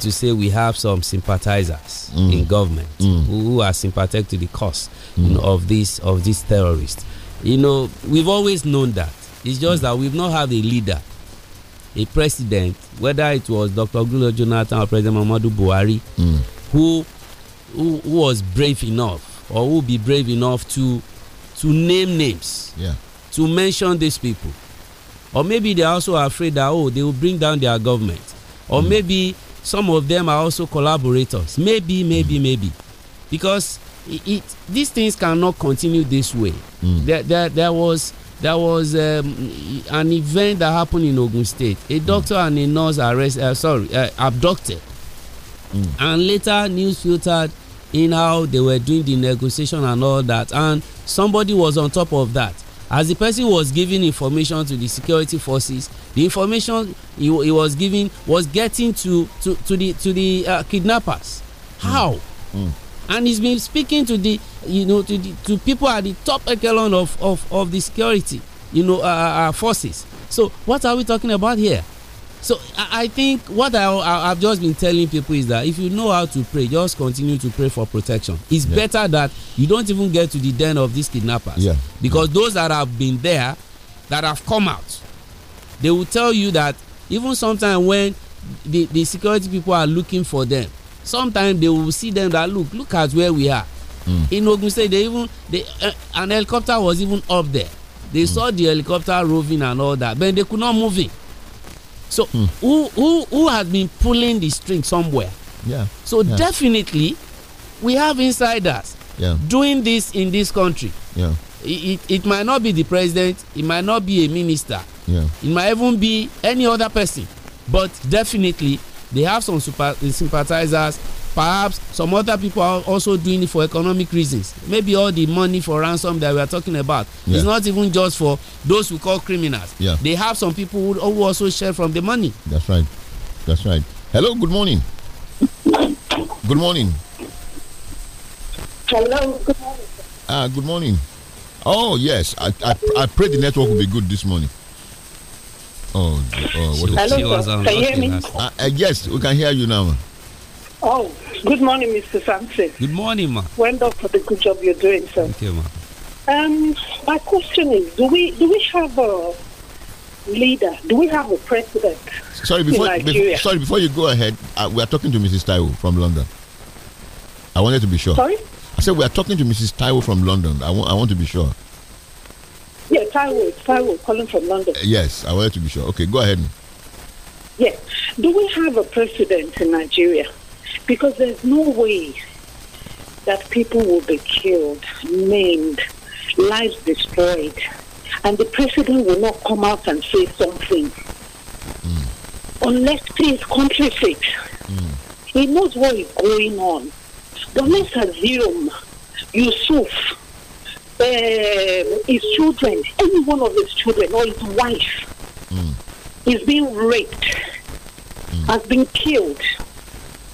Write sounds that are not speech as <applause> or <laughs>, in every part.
To say we have some sympathizers mm. in government mm. who are sympathetic to the cause mm. you know, of this of these terrorists. You know, we've always known that. It's just that we've not had a leader, a president, whether it was Dr. Gulo Jonathan or President Mamadou Buhari, mm. who, who, who was brave enough or who be brave enough to to name names, yeah. to mention these people, or maybe they are also afraid that oh they will bring down their government, or mm. maybe some of them are also collaborators maybe maybe mm. maybe because it, it, these things cannot continue this way mm. there, there, there was there was um, an event that happened in ogun state a mm. doctor mm. and a nurse arrest, uh, sorry uh, abducted mm. and later news filtered in how they were doing the negotiation and all that and somebody was on top of that as the person was giving information to the security forces the information he, he was giving was getting to to, to the to the uh, kidnappers hmm. how mm. and he's been speaking to the you know to the, to people at the top echelon of of of the security you know uh, uh, forces so what are we talking about here so I, think what I, I have just been telling people is that if you know how to pray just continue to pray for protection it's yeah. better that you don't even get to the den of these kidnappers yeah. because yeah. those that have been there that have come out they will tell you that even sometimes when the the security people are looking for them sometimes they will see them that look look at where we are mm. in ogun state they even they uh, an helicopter was even up there they mm. saw the helicopter roving and all that but they could not move it so hmm. who who who has been pulling the string somewhere? Yeah. So yeah. definitely, we have insiders yeah. doing this in this country. Yeah. It, it, it might not be the president. It might not be a minister. Yeah. It might even be any other person. But definitely, they have some super, sympathizers. Perhaps some other people are also doing it for economic reasons. Maybe all the money for ransom that we are talking about yeah. is not even just for those who call criminals. Yeah. They have some people who, who also share from the money. That's right. That's right. Hello, good morning. Good morning. Hello, good morning. Ah, good morning. Oh, yes. I, I, I pray the network will be good this morning. Oh, oh what Hello, was um, Can you hear me? Uh, uh, yes, we can hear you now. Oh, good morning, Mr. Sampson. Good morning, ma. Well done for the good job you're doing, sir. Thank you, ma. Um, my question is: Do we do we have a leader? Do we have a president? Sorry, before sorry before you go ahead, uh, we are talking to Mrs. Taiwo from London. I wanted to be sure. Sorry. I said we are talking to Mrs. Taiwo from London. I want I want to be sure. Yeah, Taiwo, Taiwo, calling from London. Uh, yes, I wanted to be sure. Okay, go ahead. Yes. Yeah. Do we have a president in Nigeria? Because there's no way that people will be killed, maimed, lives destroyed, and the president will not come out and say something. Mm. Unless he is complicit. Mm. He knows what is going on. But let's Yusuf uh, his children, any one of his children or his wife, mm. is being raped, mm. has been killed,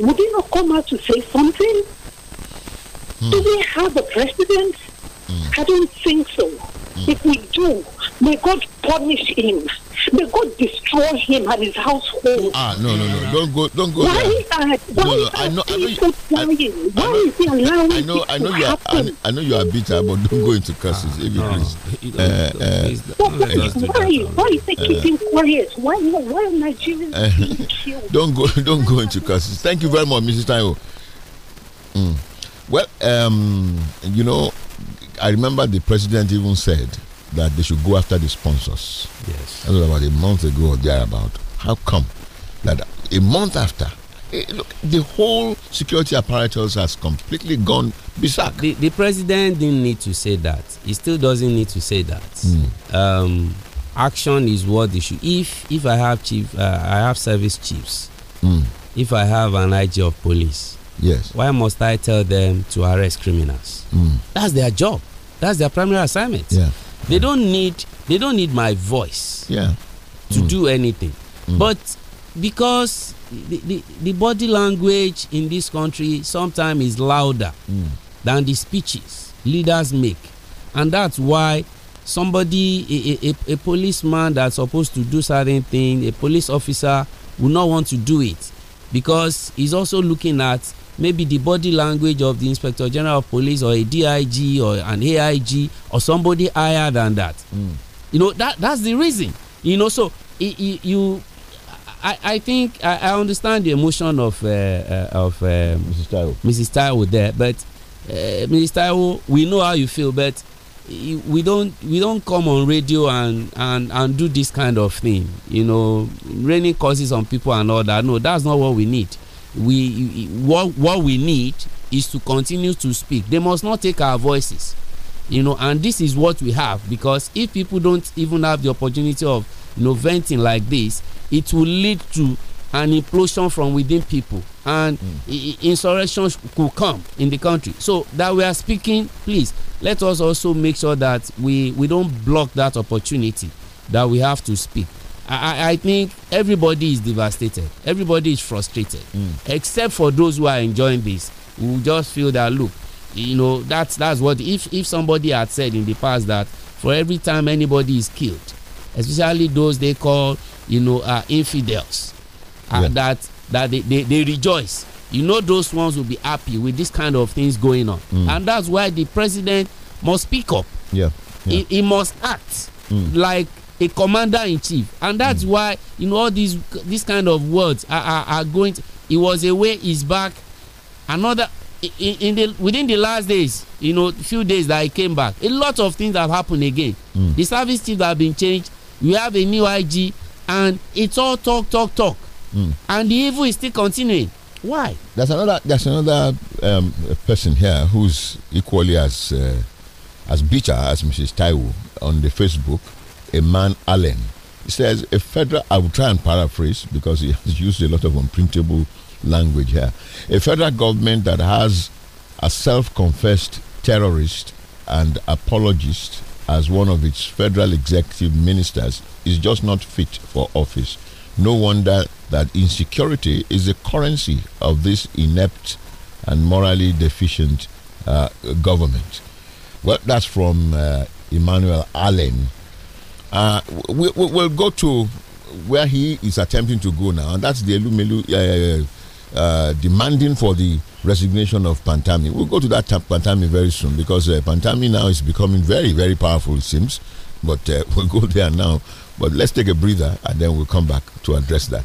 would he not come out to say something? Mm. Do we have a president? Hmm. I don't think so. Hmm. If we do, May God punish him. May God destroy him and his household. Ah, no, no, no! Don't go, don't go. Why are people I, dying? why I know, is he allowing I know, I know you are, I, know you are bitter, but don't go into curses, ah, if you please. Eh, eh, why? Why is he keeping eh. quiet? Why? Why are Nigerians being <laughs> killed? Don't go, don't go into curses. Thank you very much, Mrs. Tayo. Mm. Well, um, you know, I remember the president even said that they should go after the sponsors. Yes. That was about a month ago or thereabout. How come that a month after, eh, look, the whole security apparatus has completely gone berserk. The, the president didn't need to say that. He still doesn't need to say that. Mm. Um, action is what they should. If if I have chief, uh, I have service chiefs. Mm. If I have an IG of police, yes. Why must I tell them to arrest criminals? Mm. That's their job. That's their primary assignment. Yeah. They don't need they don't need my voice. Yeah. To mm. do anything, mm. but because the, the, the, body language in this country sometimes is louder mm. than the speeches leaders make, and that's why somebody a, a, a policeman that's supposed to do certain thing a police officer will not want to do it because he's also looking at maybe the body language of the inspector general of police or a dig or an aig or somebody higher than that mm. you know that that's the reason you know so it, it, you I, I think I, I, understand the emotion of uh, uh, of Mrs. Um, Taiwo. Mrs. Taiwo there, but uh, Mrs. Taiwo, we know how you feel, but we don't we don't come on radio and and and do this kind of thing. You know, raining curses on people and all that. No, that's not what we need we what what we need is to continue to speak they must not take our voices you know and this is what we have because if people don't even have the opportunity of you know venting like this it will lead to an implosion from within people and mm. insurrection could come in the country so that we are speaking please let us also make sure that we we don't block that opportunity that we have to speak I, I think everybody is devastated. Everybody is frustrated, mm. except for those who are enjoying this. Who just feel that look, you know, that's that's what if if somebody had said in the past that for every time anybody is killed, especially those they call you know uh, infidels, uh, yeah. that that they, they, they rejoice. You know, those ones will be happy with this kind of things going on, mm. and that's why the president must speak up. Yeah, yeah. He, he must act mm. like a commander in chief and that's mm. why you know all these these kind of words are are, are going to, it was a way is back another in, in, the within the last days you know few days that i came back a lot of things have happened again mm. the service teams have been changed we have a new ig and it's all talk talk talk mm. and the evil is still continuing why there's another there's another um, person here who's equally as uh, as bitter as mrs taiwo on the facebook a man Allen. He says a federal, I will try and paraphrase because he has used a lot of unprintable language here. A federal government that has a self confessed terrorist and apologist as one of its federal executive ministers is just not fit for office. No wonder that insecurity is the currency of this inept and morally deficient uh, government. Well, that's from uh, Emmanuel Allen uh, we, will we'll go to where he is attempting to go now, and that's the Elumelu uh, uh, uh, demanding for the resignation of Pantami. We'll go to that Pantami very soon because uh, Pantami now is becoming very, very powerful, it seems. But uh, <laughs> we'll go there now. But let's take a breather and then we'll come back to address that.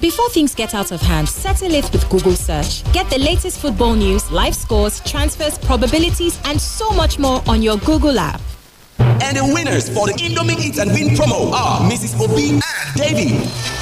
Before things get out of hand, settle it with Google search. Get the latest football news, live scores, transfers, probabilities, and so much more on your Google app. And the winners for the Indomie Eat and Win promo are Mrs. Obi and Davy.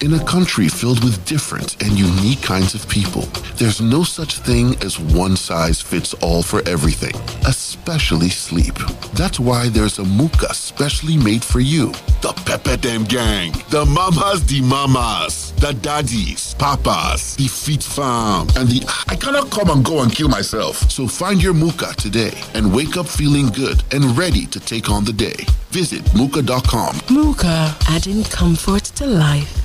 in a country filled with different and unique kinds of people. There's no such thing as one size fits all for everything, especially sleep. That's why there's a Mooka specially made for you. The Pepe Dem Gang, the Mamas the Mamas, the Daddies, Papas, the Feet Farm, and the I cannot come and go and kill myself. So find your Mooka today and wake up feeling good and ready to take on the day. Visit Mooka.com. Mooka adding comfort to life.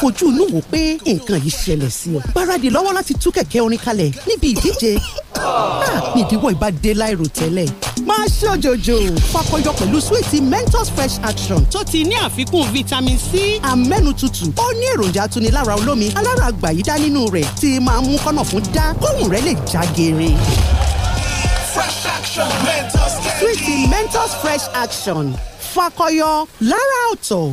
fojú inú wò pé nǹkan yìí ṣẹlẹ̀ sí ọ gbáradì lọ́wọ́ láti tú kẹ̀kẹ́ orin kalẹ̀ níbi ìdíje ah, nídìíwọ̀ ìbá dé láìrò tẹ́lẹ̀ máa ṣòjòjò fakọyọ pẹ̀lú súwìtì mentos fresh action tó ti ní àfikún vitamin c amẹ́nu tútù ó ní èròjà atunilára olómi alára àgbàyídá nínú rẹ̀ tí máa mú kọ́nà fún dá kóhùn rẹ̀ lè já geere. fresh action mentos kẹ́kì. súwìtì mentos fresh action fakọyọ lára ọ̀tọ̀.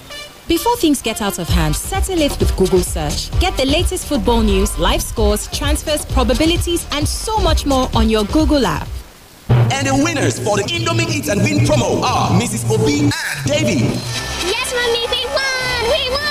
Before things get out of hand, settle it with Google Search. Get the latest football news, live scores, transfers, probabilities, and so much more on your Google app. And the winners for the Indomie Eat and Win promo are Mrs. Obi and Davy. Yes, Mommy, we won! We won!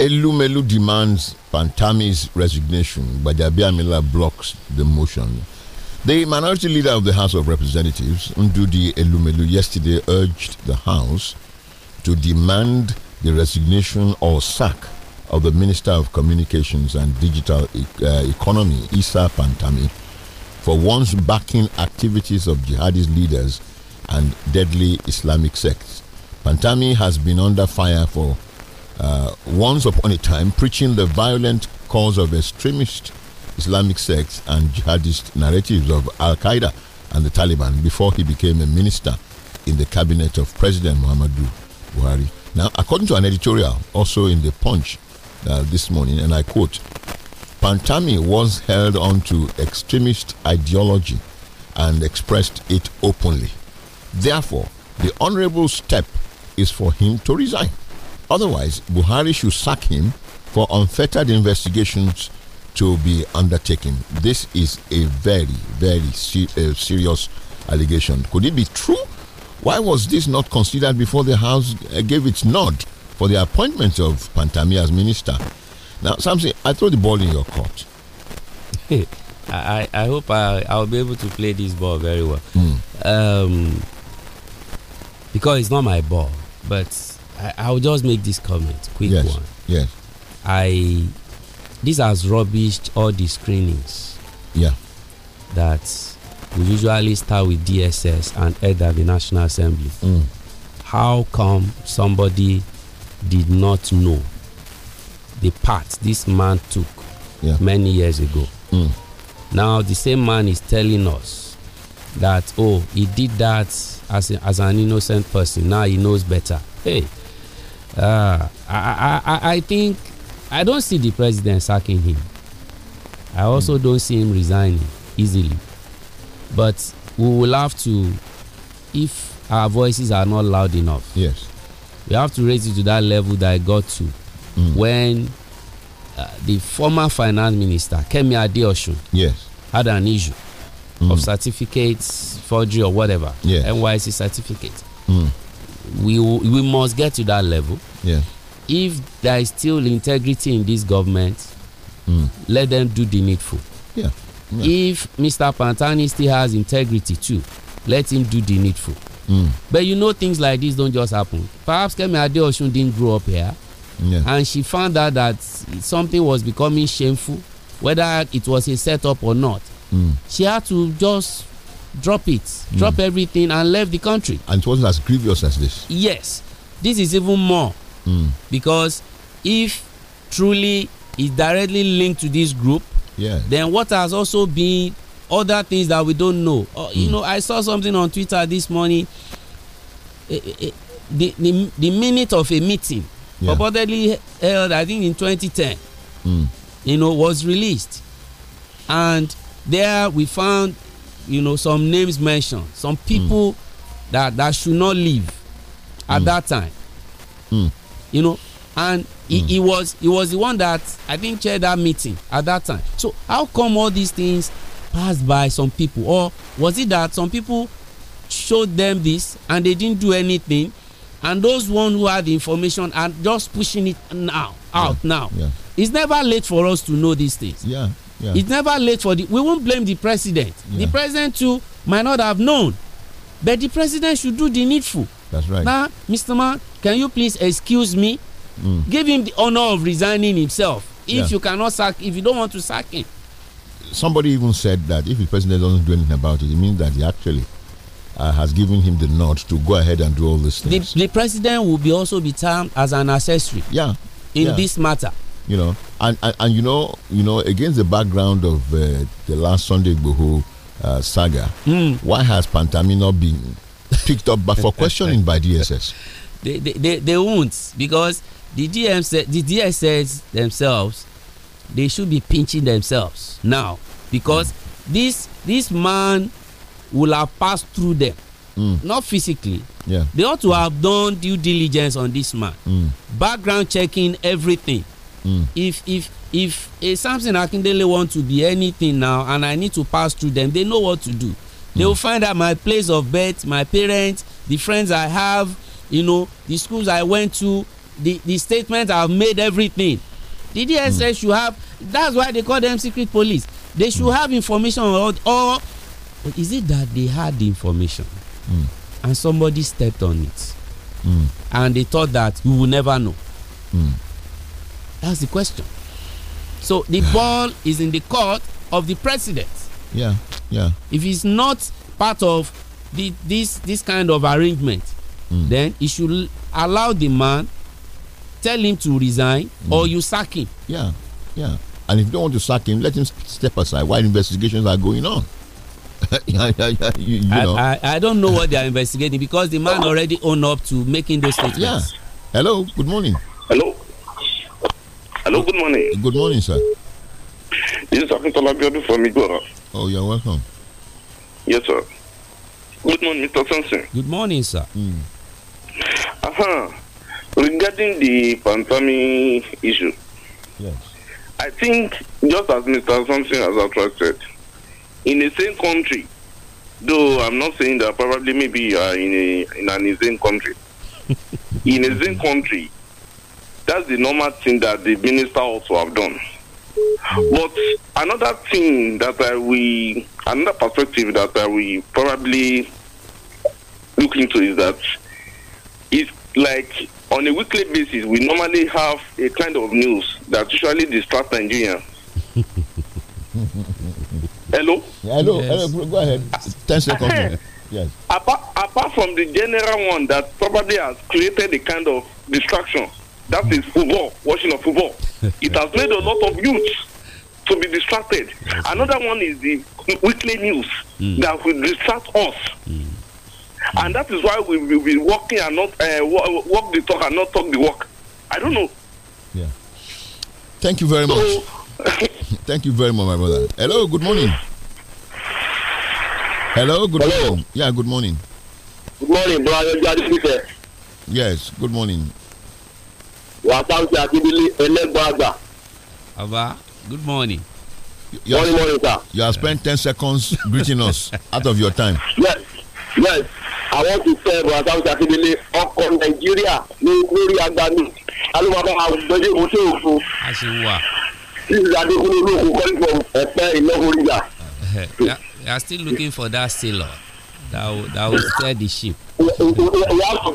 Elumelu demands Pantami's resignation. Bajabiamila blocks the motion. The minority leader of the House of Representatives, Ndudi Elumelu, yesterday urged the House to demand the resignation or sack of the Minister of Communications and Digital e uh, Economy, Isa Pantami, for once backing activities of jihadist leaders and deadly Islamic sects. Pantami has been under fire for uh, once upon a time preaching the violent cause of extremist Islamic sects and jihadist narratives of Al Qaeda and the Taliban before he became a minister in the cabinet of President Muhammadu Buhari. Now, according to an editorial also in The Punch uh, this morning, and I quote, Pantami was held on to extremist ideology and expressed it openly. Therefore, the honorable step is for him to resign. Otherwise, Buhari should sack him for unfettered investigations to be undertaken. This is a very, very se uh, serious allegation. Could it be true? Why was this not considered before the House uh, gave its nod for the appointment of Pantami as minister? Now, Samson, I throw the ball in your court. <laughs> I, I hope I, I'll be able to play this ball very well. Mm. Um, because it's not my ball, but I, I will just make this comment, quick yes, one. Yes. I this has rubbished all the screenings. Yeah. That we usually start with DSS and head at the National Assembly. Mm. How come somebody did not know the part this man took yeah. many years ago? Mm. Now the same man is telling us that oh he did that as a, as an innocent person. Now he knows better. Hey, uh, I, I, I think I don't see the president sacking him. I also mm. don't see him resigning easily. But we will have to, if our voices are not loud enough, yes, we have to raise it to that level that I got to mm. when uh, the former finance minister Kemi Adeosun yes had an issue mm. of hmm. certificates forgery or whatever yes. NYC certificate. Hmm we we must get to that level. Yeah. If there is still integrity in this government, mm. let them do the needful. Yeah. yeah. If Mr. Pantani still has integrity too, let him do the needful. Mm. But you know things like this don't just happen. Perhaps Kemi Adeosun didn't grow up here. Yeah. And she found out that something was becoming shameful, whether it was a setup or not. Mm. She had to just drop it, mm. drop everything, and left the country. And it wasn't as grievous as this. Yes, this is even more mm. because if truly is directly linked to this group, yeah. then what has also been other things that we don't know. Uh, mm. You know, I saw something on Twitter this morning. Eh, eh, eh, the, the, the minute of a meeting yeah. purportedly held, I think, in 2010, mm. you know, was released. And there we found you know some names mentioned some people mm. that that should not live at mm. that time mm. you know and he, mm. he, was he was the one that i think chaired that meeting at that time so how come all these things passed by some people or was it that some people showed them this and they didn't do anything and those one who had the information are just pushing it now out yeah. now yeah. it's never late for us to know these things yeah yeah. It's never late for the. We won't blame the president. Yeah. The president too might not have known, but the president should do the needful. That's right. Now, Mr. Man, can you please excuse me? Mm. Give him the honor of resigning himself. If yeah. you cannot sack, if you don't want to sack him. Somebody even said that if the president doesn't do anything about it, it means that he actually uh, has given him the nod to go ahead and do all these things. The, the president will be also be termed as an accessory. Yeah. In yeah. this matter you know, and, and, and, you know, you know, against the background of uh, the last Sunday Boho uh, saga, mm. why has Pantamino been picked up but for questioning by DSS? <laughs> They, they, they, they won't because the DMS the DSS themselves they should be pinching themselves now because mm. this this man will have passed through them mm. not physically yeah. they ought to have done due diligence on this man hmm. background checking everything Mm. If if if a Samson Akindele want to be anything now and I need to pass through them, they know what to do. Mm. They will mm. find out my place of birth, my parents, the friends I have, you know, the schools I went to, the the statements I've made, everything. The DSS mm. should have. That's why they call them secret police. They should mm. have information or, or is it that they had the information mm. and somebody stepped on it and they thought that we will never know. That's the question. So the <sighs> ball is in the court of the president. Yeah, yeah. If he's not part of the, this this kind of arrangement, mm. then he should allow the man, tell him to resign, mm. or you sack him. Yeah, yeah. And if you don't want to sack him, let him step aside while investigations are going on. <laughs> you, you, you know. I, I, I, don't know what they are investigating because the man already owned up to making those statements. Yeah. Hello. Good morning. Hello. Hello, good morning. Good morning, sir. This is Akintola Biodu from Igora. Oh, you're welcome. Yes, sir. Good morning, Mr. Sampson. Good morning, sir. Mm. Uh -huh. Regarding the pandemic issue, yes. I think, just as Mr. Sampson has addressed in the same country, though I'm not saying that probably maybe you are in, a, in an insane country, <laughs> in a same country, that's the normal thing that the minister also have done. But another thing that I will, another perspective that I will probably look into is that it's like on a weekly basis, we normally have a kind of news that usually distracts Nigerians. <laughs> hello? Hello, yes. hello, go ahead. 10 seconds. yes. Apart, apart from the general one that probably has created a kind of distraction that is football, watching of football. <laughs> It has made a lot of youth to be distracted. Another one is the weekly news mm. that will distract us. Mm. And that is why we will be walking and not uh, walk the talk and not talk the walk. I don't know. Yeah. Thank you very so, much. <laughs> <laughs> Thank you very much, my brother. Hello, good morning. Hello, good Hello. morning. Yeah, good morning. Good morning, brother. Yes, good morning. Wasauti Akindele, Elegbada. Aba, good morning. You morning, morning, sir. You have spent 10 seconds greeting us out of your time. Yes, yes. I want to tell Wasauti Akindele, ọkọ Nàìjíríà ní lórí agbami. Alúbàbá àgbẹ̀dẹ̀ mo ṣe òfin. A ṣe wà. This is Adekunle Olókun calling from Ẹ̀pẹ́ Ìlọ́kùnrin. <laughs> You are still looking for that sailor. That, that will steer the ship. We, have to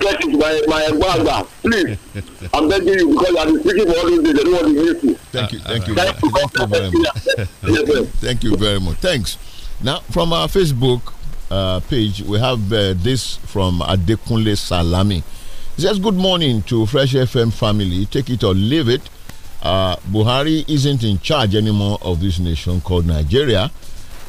get it, my, my brother. Please. I'm begging you because i am been speaking for all these days. They don't want to you. Thank you. Thank you. Thank you very much. Thank you very much. Thanks. Now, from our Facebook uh, page, we have uh, this from Adekunle Salami. He says, Good morning to Fresh FM family. Take it or leave it. Uh, Buhari isn't in charge anymore of this nation called Nigeria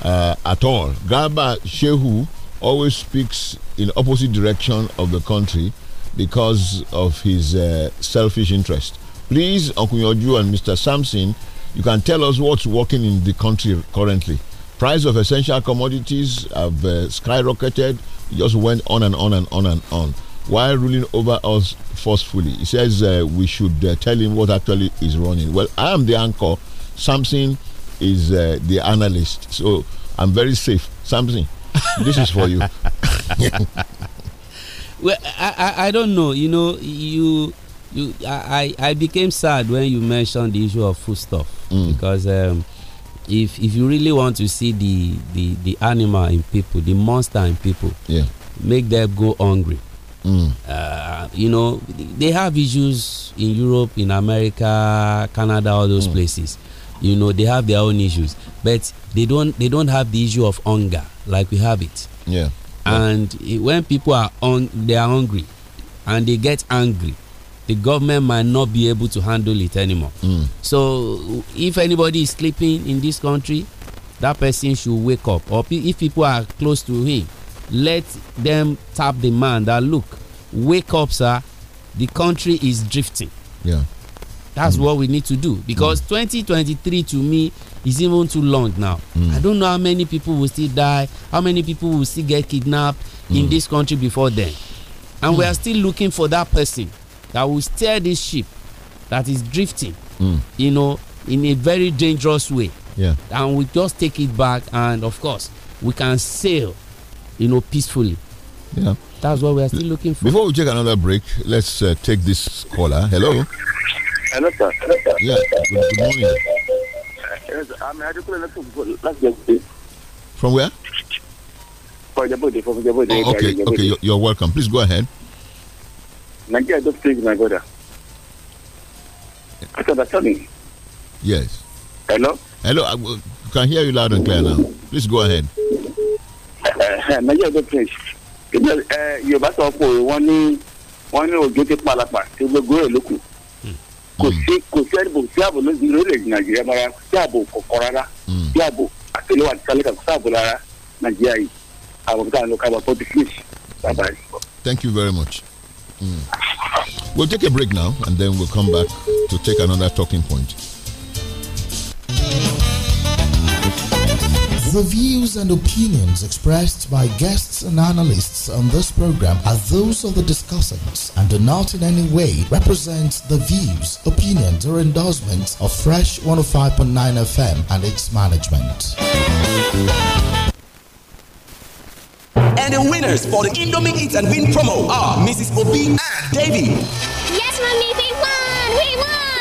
uh, at all. Garba Shehu always speaks in opposite direction of the country because of his uh, selfish interest. Please, Uncle Yoju and Mr. Sampson, you can tell us what's working in the country currently. Price of essential commodities have uh, skyrocketed. It just went on and on and on and on. While ruling over us forcefully, he says uh, we should uh, tell him what actually is running. Well, I am the anchor. Samson is uh, the analyst, so I'm very safe. Samson, this is for you. <laughs> well, I, I, I don't know. You know, you you I, I became sad when you mentioned the issue of food stuff mm. because um, if if you really want to see the the the animal in people, the monster in people, yeah, make them go hungry. Mm. Uh, you know, they have issues in Europe, in America, Canada, all those mm. places. You know, they have their own issues, but they don't they don't have the issue of hunger like we have it. Yeah. And when people are on, they are hungry, and they get angry, the government might not be able to handle it anymore. Mm. So if anybody is sleeping in this country, that person should wake up. Or if people are close to him, let them tap the man that look, wake up, sir. The country is drifting. Yeah. That's mm. what we need to do because mm. 2023 to me is even too long now. Mm. I don't know how many people will still die, how many people will still get kidnapped mm. in hmm. this country before then. And mm. we hmm. are still looking for that person that will steer this ship that is drifting, hmm. you know, in a very dangerous way. Yeah. And we just take it back, and of course, we can sail, you know, peacefully. Yeah. That's what we are still looking for. Before we take another break, let's uh, take this caller. Hello. Hello, sir. Yeah. Good, good morning. I'm Adekunle From where? From Jẹ̀bọ̀dé, from Jẹ̀bọ̀dé. Oh, okay, okay, you're, you're welcome. Please go ahead. Nigeria just played my brother. After the turning. Yes. Hello? Hello, I can hear you loud and clear now. Please go ahead. Nigeria just played. Yorùbá sọ pé wọ́n ní wọ́n ní or ti palapa tí gbogbo ẹ̀ lókun. kò sí kò sí ẹni nàìjíríà mara kọ̀kọ̀ rárá àtẹlẹwà sáàbò rárá nàìjíríà yìí Thank you very much. Mm. We'll take a break now and then we'll come back to take another talking point. The views and opinions expressed by guests and analysts on this program are those of the discussants and do not in any way represent the views, opinions, or endorsements of Fresh 105.9 FM and its management. And the winners for the Indomie Eat and Win promo are Mrs. Obi and Davy. Yes, mommy, we won! We won!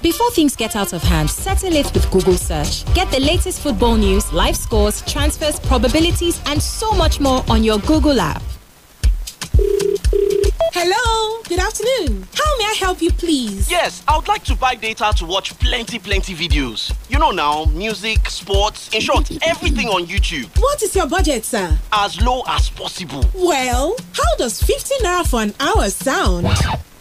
Before things get out of hand, settle it with Google search. Get the latest football news, live scores, transfers, probabilities, and so much more on your Google app. Hello, good afternoon. How may I help you, please? Yes, I would like to buy data to watch plenty, plenty videos. You know now, music, sports, in short, everything on YouTube. What is your budget, sir? As low as possible. Well, how does 15 naira for an hour sound?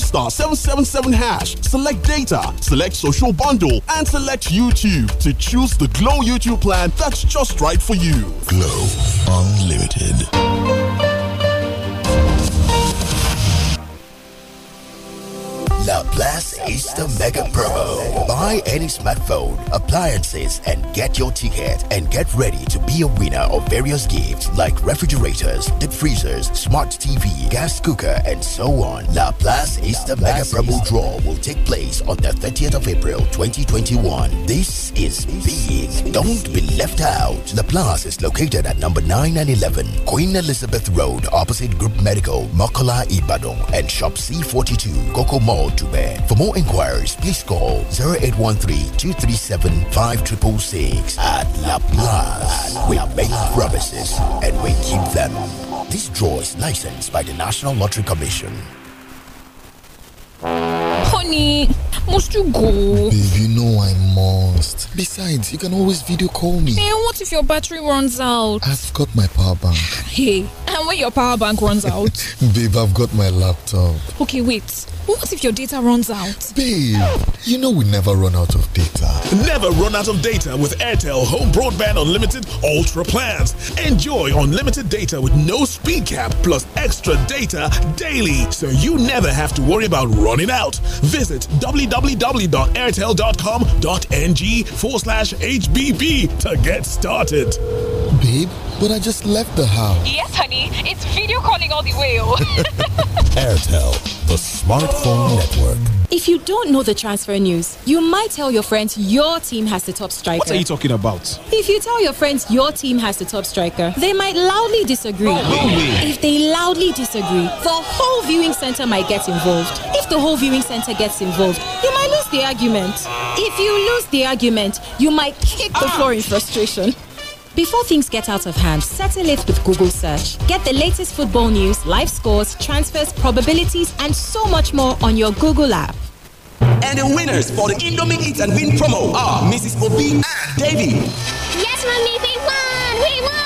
dial star 777 hash, select data, select social bundle, and select YouTube to choose the Glow YouTube plan that's just right for you. Glow Unlimited. La Plus Easter Mega Promo. Buy any smartphone, appliances, and get your ticket and get ready to be a winner of various gifts like refrigerators, deep freezers, smart TV, gas cooker, and so on. La Place Easter Mega Promo draw will take place on the 30th of April 2021. This is big. Don't be left out. La Place is located at number 9 and 11 Queen Elizabeth Road, opposite Group Medical, Mokola Ibadan, and Shop C42, Coco Mall. For more inquiries, please call 0813-237-5666 at La We make promises and we keep them. This draw is licensed by the National Lottery Commission. Honey, must you go? Babe, you know I must. Besides, you can always video call me. Hey, what if your battery runs out? I've got my power bank. Hey, and when your power bank runs out? <laughs> Babe, I've got my laptop. Okay, wait. What if your data runs out? Babe, you know we never run out of data. Never run out of data with Airtel Home Broadband Unlimited Ultra plans. Enjoy unlimited data with no speed cap plus extra data daily so you never have to worry about running out. Visit www.airtel.com.ng forward slash HBB to get started. Babe, but I just left the house. Yes, honey. It's video calling all the way. Oh. <laughs> Airtel, the smartphone network. If you don't know the transfer news, you might tell your friends your team has the top striker. What are you talking about? If you tell your friends your team has the top striker, they might loudly disagree. No oh, If they loudly disagree, the whole viewing center might get involved. If the whole viewing center gets involved, you might lose the argument. If you lose the argument, you might kick the ah! floor in frustration. Before things get out of hand, settle it with Google search. Get the latest football news, live scores, transfers, probabilities, and so much more on your Google app. And the winners for the Indomie Eat and Win promo are Mrs. Obi and Davy. Yes, mommy, we won! We won!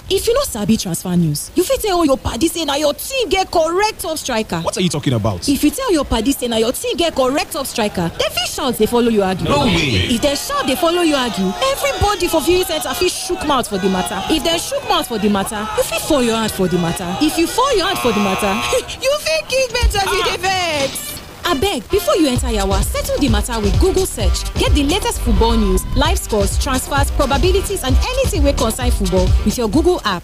if you no sabi transfer news you fit tell your padi say na your team get correct top striker what are you talking about if you tell your padi say na your team get correct top striker dem fit shout dey follow you argue no way if dem shout dey follow you argue everybody for viewing centre fit shook mouth for di matter if dem shook mouth for di matter you fit fall your hand for di matter if you fall your hand for di matter <laughs> you fit kick bench as you dey vex abeg before you enter yawa settle the matter with google search get the latest football news live scores transfers probabilities and anything wey concern football with your google app.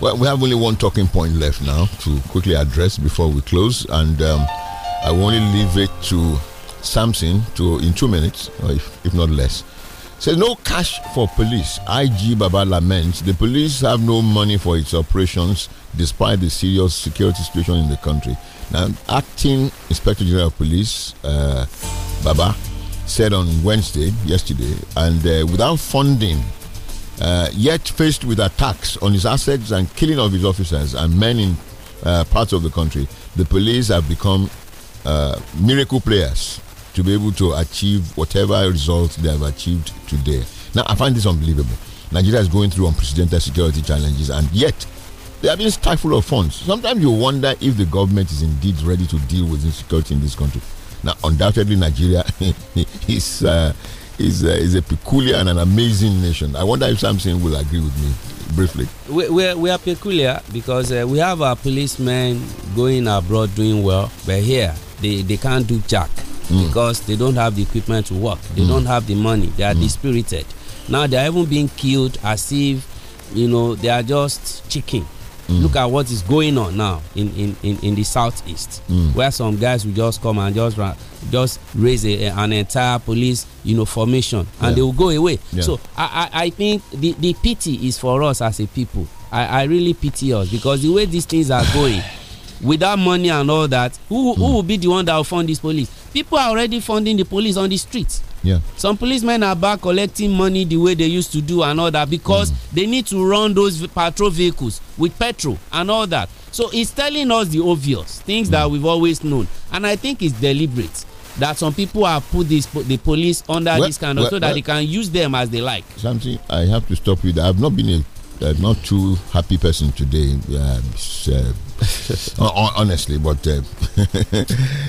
well, we have only one talking point left now to quickly address before we close, and um, I will only leave it to Samson to in two minutes, if, if not less. Says no cash for police. IG Baba laments the police have no money for its operations despite the serious security situation in the country. Now, acting Inspector General of Police uh, Baba said on Wednesday, yesterday, and uh, without funding, uh, yet faced with attacks on his assets and killing of his officers and men in uh, parts of the country, the police have become uh, miracle players to be able to achieve whatever result they have achieved today. Now, I find this unbelievable. Nigeria is going through unprecedented security challenges, and yet they have been stifled of funds. Sometimes you wonder if the government is indeed ready to deal with insecurity in this country. Now, undoubtedly, Nigeria <laughs> is uh, is uh, is a peculiar and an amazing nation. I wonder if Samson will agree with me briefly. We we, we are peculiar because uh, we have our policemen going abroad doing well, but here they they can't do jack mm. because they don't have the equipment to work. They mm. don't have the money. They are mm. dispirited. Now they are even being killed as if you know they are just chicken Mm. Look at what is going on now in in in, in the southeast, mm. where some guys will just come and just just raise a, an entire police you know formation and yeah. they will go away. Yeah. So I, I I think the the pity is for us as a people. I I really pity us because the way these things are going without money and all that who, who hmm. will be the one that will fund this police people are already funding the police on the streets yeah. some policemen are back collecting money the way they used to do and all that because mm. they need to run those patrol vehicles with petrol and all that so it's telling us the obvious things mm. that hmm. we've always known and i think it's deliberate that some people have put this, the police under well, this kind of well, so that well, they can use them as they like something i have to stop you i've not been a not too happy person today. Uh, uh <laughs> Honestly, but uh, <laughs>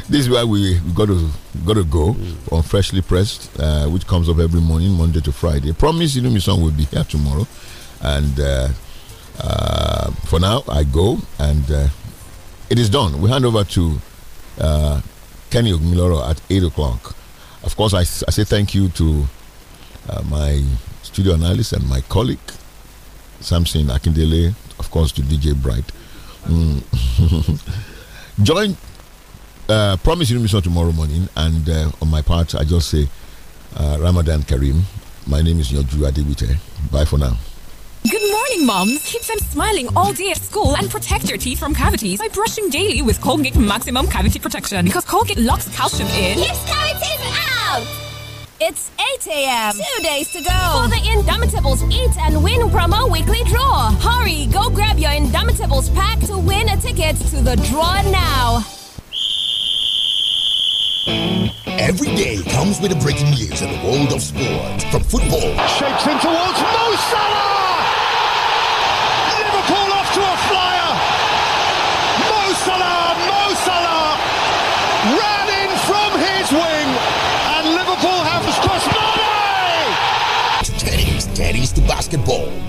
this is why we got to got to go mm. on freshly pressed, uh, which comes up every morning, Monday to Friday. I promise, Ilumi Song will be here tomorrow, and uh, uh for now I go, and uh, it is done. We hand over to uh, Kenny Miloro at eight o'clock. Of course, I, I say thank you to my studio analyst and my colleague Samson Akindele, of course, to DJ Bright Promise mm. <laughs> Join uh, Promise Univision tomorrow morning, and uh, on my part, I just say uh, Ramadan Karim. My name is Yodru Adewite. Bye for now. Good morning, moms. Keep them smiling all day at school and protect your teeth from cavities by brushing daily with Colgate Maximum Cavity Protection because Colgate locks calcium in. Keeps cavities out! It's 8 a.m. Two days to go. For the Indomitables Eat and Win promo weekly draw. Hurry, go grab your Indomitables pack to win a ticket to the draw now. Every day comes with a breaking news in the world of sports. From football. Shapes in towards Mo Salah! basketball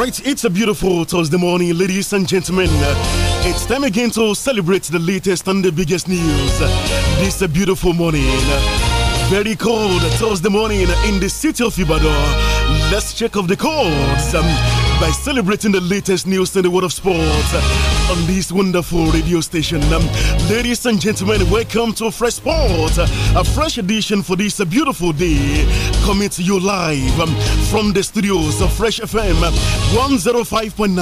right, it's a beautiful Thursday morning, ladies and gentlemen. It's time again to celebrate the latest and the biggest news. This a beautiful morning. Very cold Thursday morning in the city of Ibadan. Let's check off the codes. Um, by celebrating the latest news in the world of sports on this wonderful radio station. Um, ladies and gentlemen, welcome to Fresh Sport, a fresh edition for this beautiful day. Coming to you live um, from the studios of Fresh FM um, 105.9.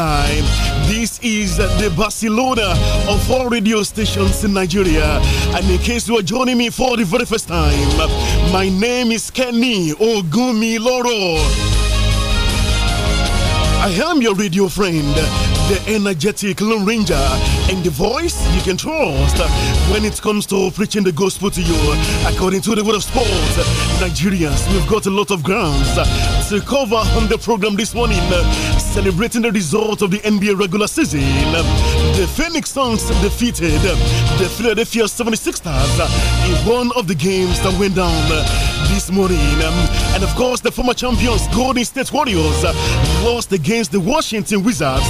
This is the Barcelona of all radio stations in Nigeria. And in case you are joining me for the very first time, um, my name is Kenny Ogumi Loro. I am your radio friend, the energetic Lone Ranger, and the voice you can trust when it comes to preaching the gospel to you. According to the word of God, Nigerians, we've got a lot of grounds to cover on the program this morning celebrating the result of the NBA regular season. The Phoenix Suns defeated the Philadelphia 76ers in one of the games that went down this morning. And of course, the former champions Golden State Warriors lost against the Washington Wizards.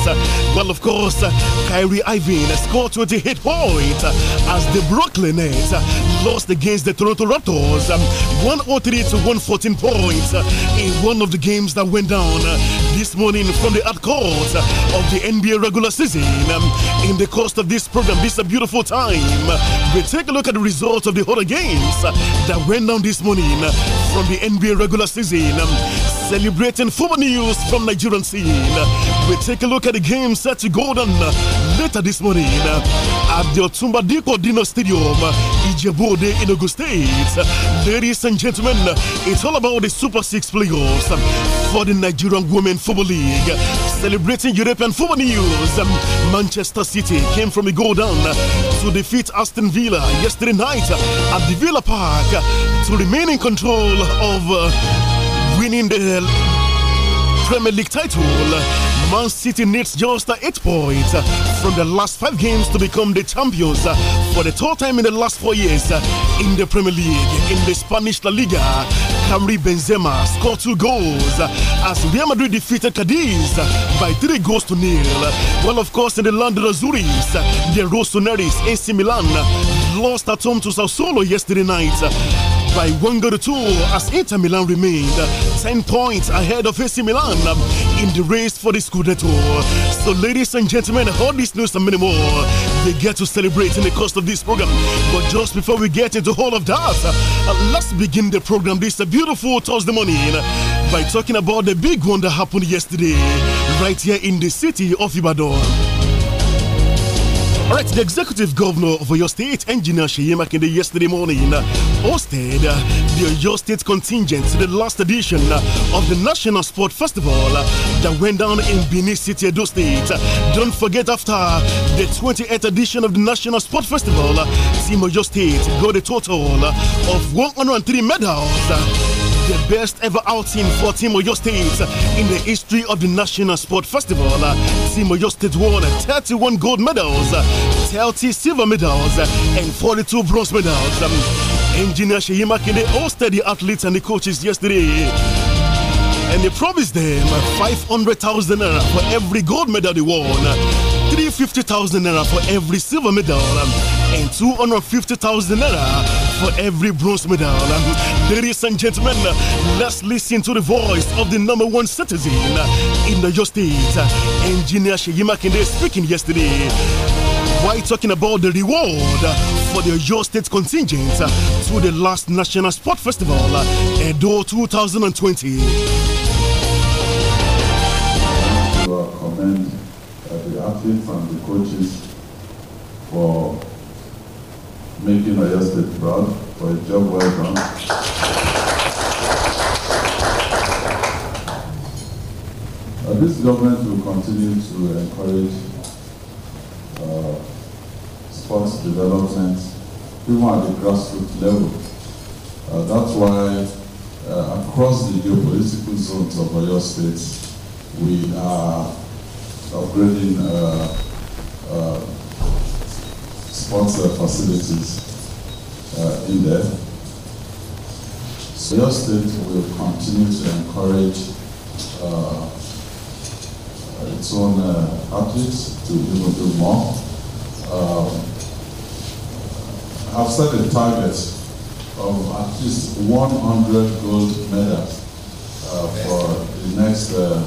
Well, of course, Kyrie Irving scored 28 points as the Brooklyn Nets lost against the Toronto Raptors 103 to 114 points in one of the games that went down this morning from the hard courts of the NBA regular season. Um, in the course of this program, this is a beautiful time. We take a look at the results of the other games that went down this morning from the NBA regular season. Um, celebrating football news from Nigerian scene. We take a look at the game set to go down later this morning at the Otumba Diko Dino Stadium in Ogun State. Ladies and gentlemen, it's all about the Super Six playoffs for the Nigerian Women Football League. Celebrating European football news, Manchester City came from a goal down to defeat Aston Villa yesterday night at the Villa Park to remain in control of uh, winning the Premier League title. Man City needs just eight points from the last five games to become the champions for the third time in the last four years in the Premier League, in the Spanish La Liga. Camry Benzema scored two goals as Real Madrid defeated Cadiz by three goals to nil. Well, of course, in the land of the Azuris, the Rossoneri's AC Milan lost at home to Sassuolo yesterday night by one goal to two as Inter Milan remained 10 points ahead of AC Milan in the race for the Scudetto. So, ladies and gentlemen, all this news and many more, they get to celebrate in the course of this program. But just before we get into all of that, uh, let's begin the program this beautiful Thursday morning by talking about the big one that happened yesterday right here in the city of Ibadan right, the executive governor of your state, Engineer Sheyi Makinde, yesterday morning hosted the Oyo State contingent to the last edition of the National Sport Festival that went down in Benin City, Edo State. Don't forget, after the 28th edition of the National Sport Festival, Team Oyo State got a total of 103 medals. The best ever outing for Team Oyo State in the history of the National Sport Festival. Team Oyo State won 31 gold medals, 30 silver medals, and 42 bronze medals. Engineer Shehima they hosted the athletes and the coaches yesterday and they promised them 500,000 naira for every gold medal they won, 350,000 naira for every silver medal, and 250,000 naira for every bronze medal. Ladies and gentlemen, let's listen to the voice of the number one citizen in the state, Engineer Kinde, speaking yesterday. While talking about the reward for the your state contingent to the last National Sport Festival, Edo 2020. Commend uh, the athletes and the coaches for making Oyo State proud for a job well done. Uh, this government will continue to encourage uh, sports development even at the grassroots level. Uh, that's why uh, across the geopolitical zones of your states, we are upgrading uh, uh, sponsor facilities uh, in there. So your state will continue to encourage uh, its own uh, athletes to even do more. Um, I've set a target of at least 100 gold medals uh, for the next uh,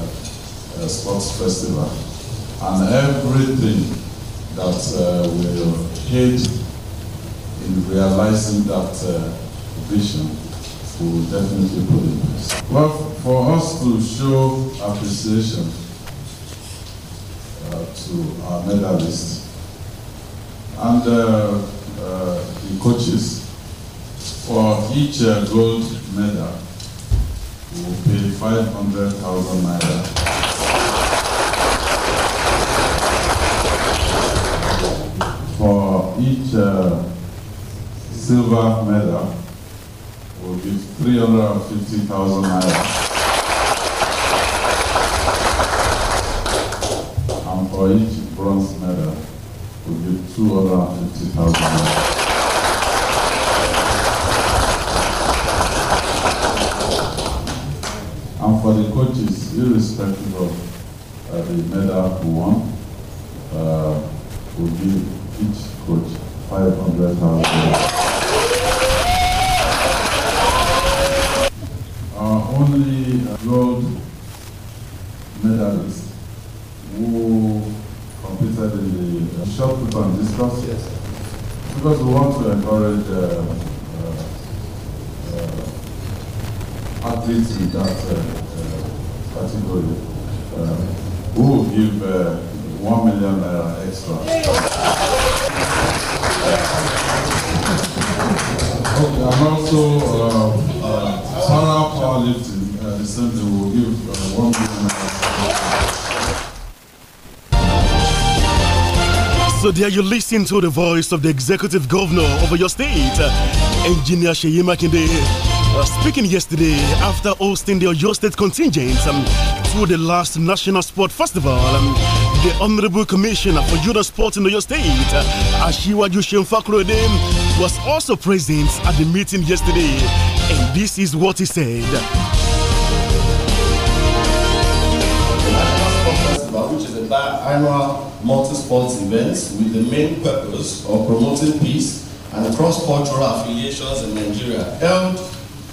sports festival. And everything that will in realizing that uh, vision will definitely put in place. Well, for us to show appreciation uh, to our medalists and uh, uh the coaches for each uh, gold medal, we will pay 500,000 naira. for each uh, silver medal, we'll give 350,000 naira. and for each bronze medal, we'll give 250,000 naira. And for the coaches, irrespective of uh, the medal who won, you listen to the voice of the executive governor of your state, Engineer Sheyi Makinde, uh, speaking yesterday after hosting the Oyo State contingent um, to the last National Sport Festival. Um, the Honorable Commissioner for Youth and Sport in Oyo State, uh, Ashiwaju Shemfakurode, um, was also present at the meeting yesterday, and this is what he said. bi-annual multi-sports events with the main purpose of promoting peace and cross-cultural affiliations in Nigeria, held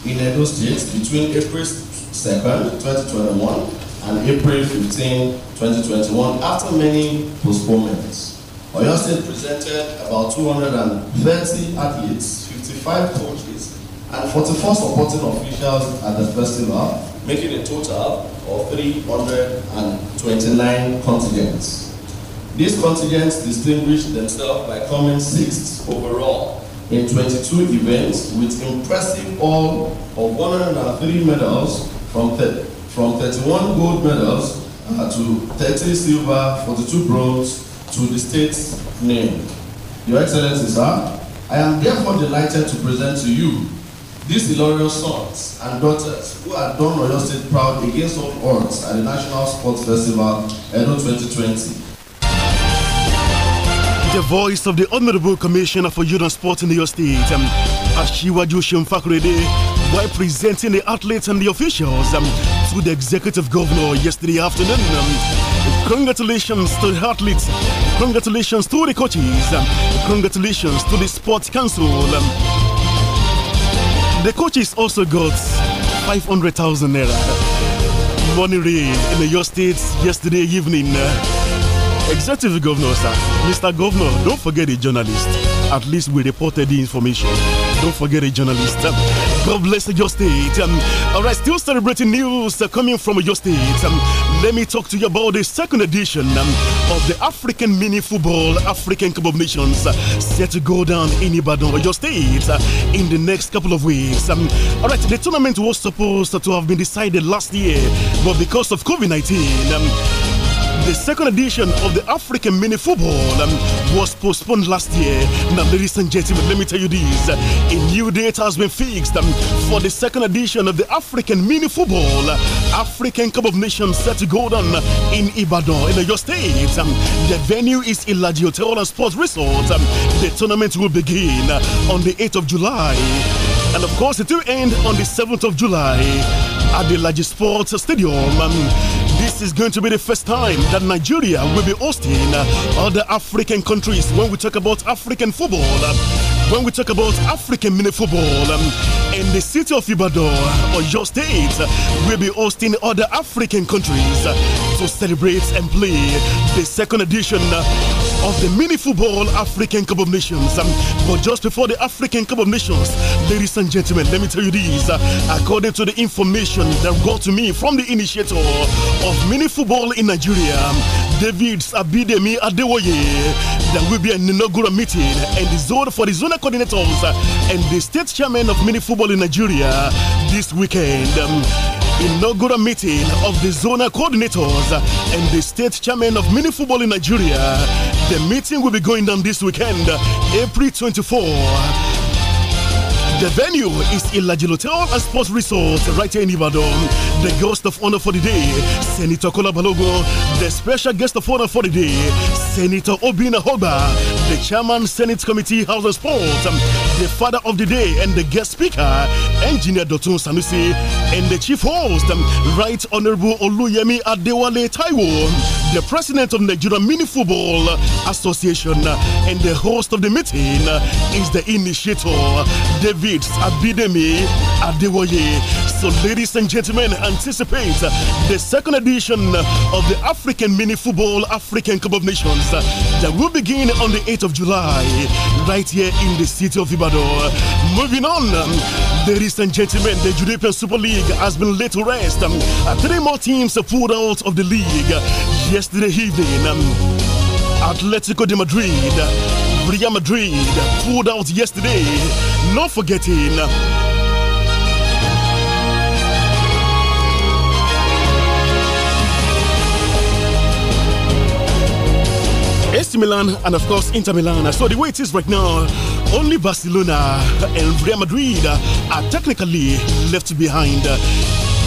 in Edo State between April 2nd, 2021 and April 15, 2021, after many postponements. Oyo State presented about 230 athletes, 55 coaches, and 44 supporting officials at the festival, making a total of 329 contingents. These contingents distinguished themselves by coming sixth overall in 22 events with impressive all of 103 medals from, from 31 gold medals uh, to 30 silver, 42 bronze to the state's name. Your Excellency, sir, I am therefore delighted to present to you these illustrious sons and daughters who had done Oyo State proud against all odds at the National Sports Festival Edo 2020 the voice of the Honorable Commissioner for Youth and Sport in the state, um, Ashiwa Jushim Fakurede, while presenting the athletes and the officials um, to the executive governor yesterday afternoon. Um, congratulations to the athletes, congratulations to the coaches, um, congratulations to the sports council. Um, the coaches also got 500,000 naira money rain in the your state yesterday evening. Executive Governor, sir, Mr. Governor, don't forget the journalist. At least we reported the information. Don't forget the journalist. God bless your state. Um, all right, still celebrating news uh, coming from your state. Um, let me talk to you about the second edition um, of the African Mini Football African Cup of Nations uh, set to go down in Ibadan, your state, uh, in the next couple of weeks. Um, all right, the tournament was supposed to have been decided last year, but because of COVID 19, um, the second edition of the African Mini Football um, was postponed last year. Now, ladies and gentlemen, let me tell you this a new date has been fixed um, for the second edition of the African Mini Football African Cup of Nations set to go down in Ibadan in your state. Um, the venue is Ilaji Hotel and Sports Resort. Um, the tournament will begin uh, on the 8th of July. And of course, it will end on the 7th of July at the Laji Sports Stadium. Um, this is going to be the first time that Nigeria will be hosting other African countries when we talk about African football. When we talk about African mini football, in the city of Ibadan or your state, will be hosting other African countries to celebrate and play the second edition of the mini football African Cup of Nations. Um, but just before the African Cup of Nations, ladies and gentlemen, let me tell you this. Uh, according to the information that got to me from the initiator of mini football in Nigeria, David Abidemi Adewoye, there will be an inaugural meeting and the zone for the zonal coordinators and the state chairman of mini football in Nigeria this weekend. Um, inaugural meeting of the zona coordinators and the state chairman of mini football in Nigeria the meeting will be going down this weekend, April 24. The venue is Ilaji Hotel and Sports Resort right here in Ibadan. The guest of honor for the day, Senator Kola Balogo. The special guest of honor for the day, Senator Obina Hoba. The chairman, Senate Committee, House of Sports. The father of the day and the guest speaker, Engineer Dotun Sanusi. And the chief host, Right Honorable Oluyemi Adewale Taiwo the president of Nigeria Mini Football Association and the host of the meeting is the initiator, David beats Abidemi Adewoye. So, ladies and gentlemen, anticipate the second edition of the African Mini Football African Cup of Nations that will begin on the 8th of July right here in the city of Ibadan. Moving on, ladies and gentlemen, the European Super League has been laid to rest. Three more teams pulled out of the league yesterday evening. Atletico de Madrid, Real Madrid pulled out yesterday not forgetting. AC Milan and of course Inter Milan. So the way it is right now, only Barcelona and Real Madrid are technically left behind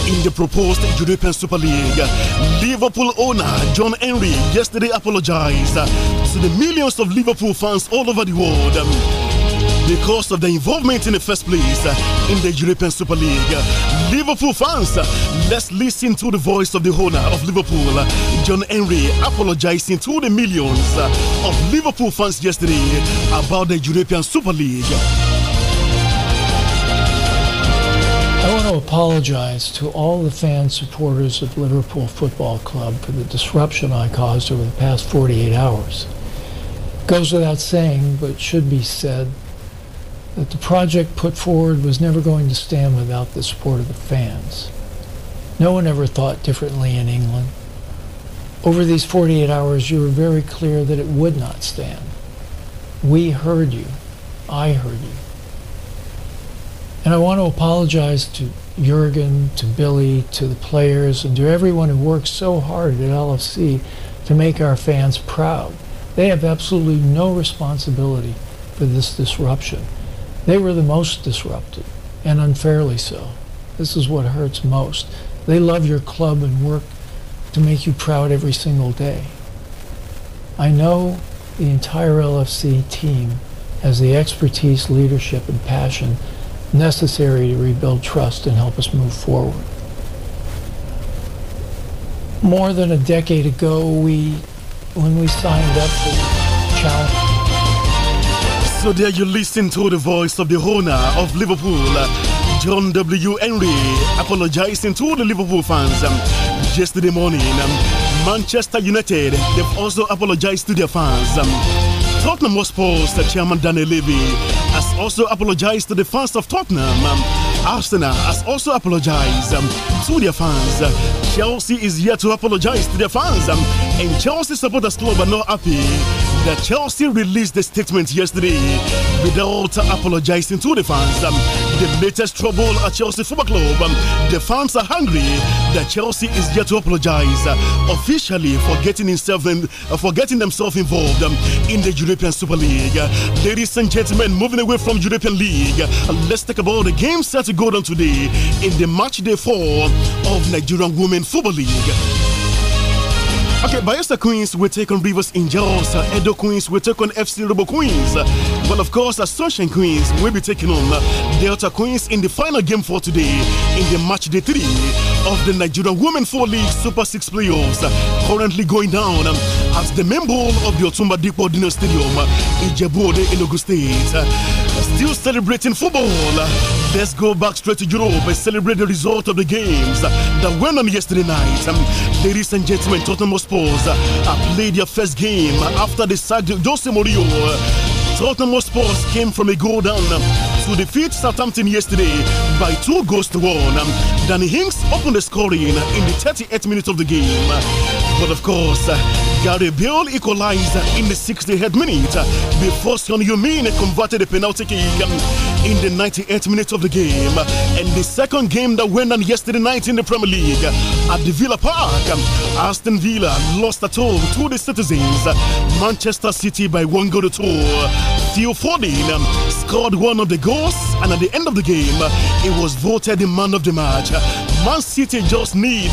in the proposed European Super League. Liverpool owner John Henry yesterday apologized to the millions of Liverpool fans all over the world because of the involvement in the first place uh, in the European Super League. Liverpool fans, uh, let's listen to the voice of the owner of Liverpool, uh, John Henry, apologizing to the millions of Liverpool fans yesterday about the European Super League. I want to apologize to all the fan supporters of Liverpool Football Club for the disruption I caused over the past 48 hours goes without saying, but should be said that the project put forward was never going to stand without the support of the fans. No one ever thought differently in England. Over these 48 hours, you were very clear that it would not stand. We heard you. I heard you. And I want to apologize to Jurgen, to Billy, to the players, and to everyone who worked so hard at LFC to make our fans proud. They have absolutely no responsibility for this disruption. They were the most disrupted, and unfairly so. This is what hurts most. They love your club and work to make you proud every single day. I know the entire LFC team has the expertise, leadership, and passion necessary to rebuild trust and help us move forward. More than a decade ago, we, when we signed up for the Challenge so there you listen to the voice of the owner of Liverpool, John W. Henry, apologizing to the Liverpool fans um, yesterday morning. Um, Manchester United, they've also apologized to their fans. Um, Tottenham Hotspur's chairman Daniel Levy has also apologized to the fans of Tottenham. Um, Arsenal has also apologized um, to their fans. Uh, Chelsea is here to apologize to their fans. Um, and Chelsea supporters club are not happy that Chelsea released the statement yesterday without apologizing to the fans. Um, the latest trouble at Chelsea Football Club. Um, the fans are hungry that Chelsea is yet to apologize uh, officially for getting himself in, uh, for getting themselves involved um, in the European Super League. Uh, ladies and gentlemen, moving away from European League, uh, let's talk about the game set to go down today in the match day four of Nigerian Women Football League. Okay, Bayelsa Queens will take on Rivers Angels. Uh, Edo Queens will take on FC Robo Queens. But of course, uh, Sunshine Queens will be taking on uh, Delta Queens in the final game for today in the match day three of the Nigerian Women 4 League Super 6 playoffs uh, currently going down um, as the main of the Otumba Depot Dino Stadium uh, in Jebode, Enugu State. Uh, still celebrating football. Let's go back straight to Europe and celebrate the result of the games that went on yesterday night. Um, ladies and gentlemen, Tottenham Sports played their first game after they sacked Jose Mourinho Tottenham Sports came from a goal down to defeat Southampton yesterday by two goals to one. Danny Hinks opened the scoring in the 38th minute of the game. But of course, uh, Gary Bale equalized in the 68th minute before Son Yumin converted a penalty kick in the 98th minute of the game. And the second game that went on yesterday night in the Premier League at the Villa Park, Aston Villa lost at home to the citizens, Manchester City by one goal to two. Theo Foden um, scored one of the goals, and at the end of the game, he was voted the man of the match. Man City just need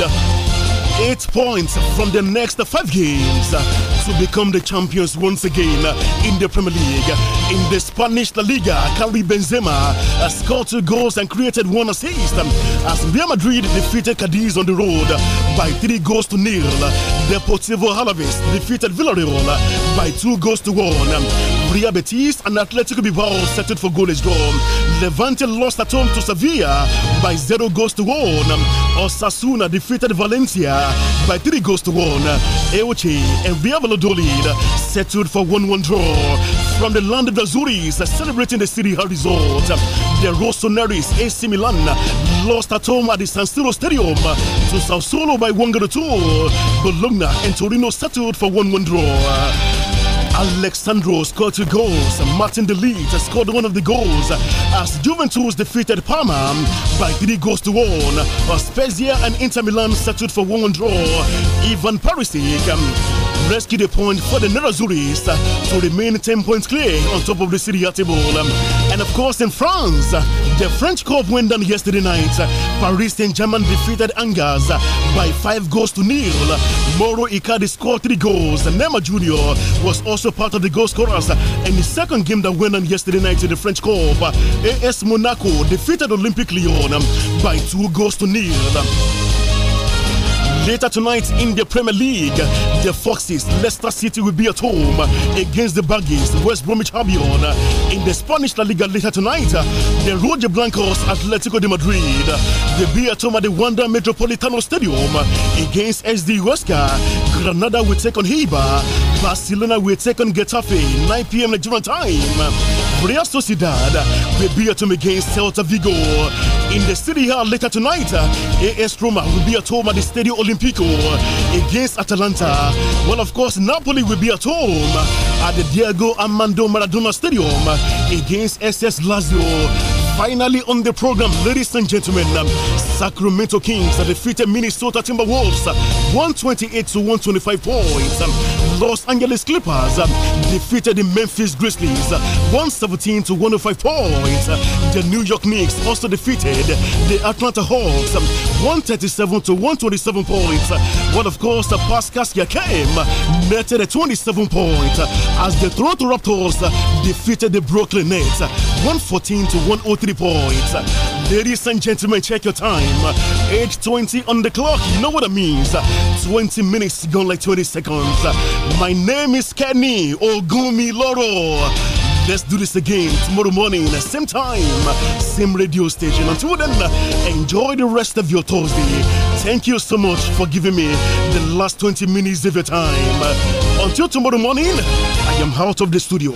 eight points from the next five games to become the champions once again in the Premier League. In the Spanish La Liga, Karim Benzema scored two goals and created one assist as Real Madrid defeated Cadiz on the road by three goals to nil. Deportivo Alaves defeated Villarreal by two goals to one. Real Betis and Atletico Bilbao settled for goalless draw. Levante lost at home to Sevilla by 0 goals to 1. Osasuna defeated Valencia by 3 goals to 1. Eoche and Real Valladolid settled for 1-1 draw from the land of the Zuris, celebrating the City Hall result. The Rossoneri's AC Milan lost at home at the San Siro Stadium to Sao Solo by 1 goal to 2. Bologna and Torino settled for 1 1 draw. Alexandro scored two goals. Martin De Ligt scored one of the goals as Juventus defeated Parma by three goals to one. Spezia and Inter Milan settled for one draw. Ivan Perisic um, rescued a point for the Nerazzurris to remain 10 points clear on top of the Serie A table. And of course, in France, the French Cup went down yesterday night. Paris Saint-Germain defeated Angers by 5 goals to nil. Moro Icardi scored 3 goals. Neymar Jr. was also part of the goal scorers in the second game that went on yesterday night in the French Cup. AS Monaco defeated Olympic Lyon by 2 goals to nil. Later tonight in the Premier League, the Foxes, Leicester City will be at home against the Baggies, West Bromwich Albion. In the Spanish La Liga later tonight, the Roja Blancos, Atletico de Madrid, will be at home at the Wanda Metropolitano Stadium against SD Huesca. Granada will take on Heba. Barcelona will take on Getafe, 9 p.m. Nigerian time. Real Sociedad will be at home against Celta Vigo. In the City Hall later tonight, AS Roma will be at home at the Stadio Olimpico against Atalanta. Well, of course, Napoli will be at home at the Diego Armando Maradona Stadium against SS Lazio finally on the program, ladies and gentlemen. Sacramento Kings defeated Minnesota Timberwolves 128 to 125 points. Los Angeles Clippers um, defeated the Memphis Grizzlies um, 117 to 105 points. Um, the New York Knicks also defeated the Atlanta Hawks 137 to 127 points. Well, of course, uh, Pascal Siakam netted a 27 point uh, as the Toronto Raptors uh, defeated the Brooklyn Nets 114 to 103 points. Ladies and gentlemen, check your time. 8.20 on the clock. You know what it means. 20 minutes gone like 20 seconds. My name is Kenny Ogumi Loro. Let's do this again tomorrow morning, same time, same radio station. Until then, enjoy the rest of your Thursday. Thank you so much for giving me the last 20 minutes of your time. Until tomorrow morning, I am out of the studio.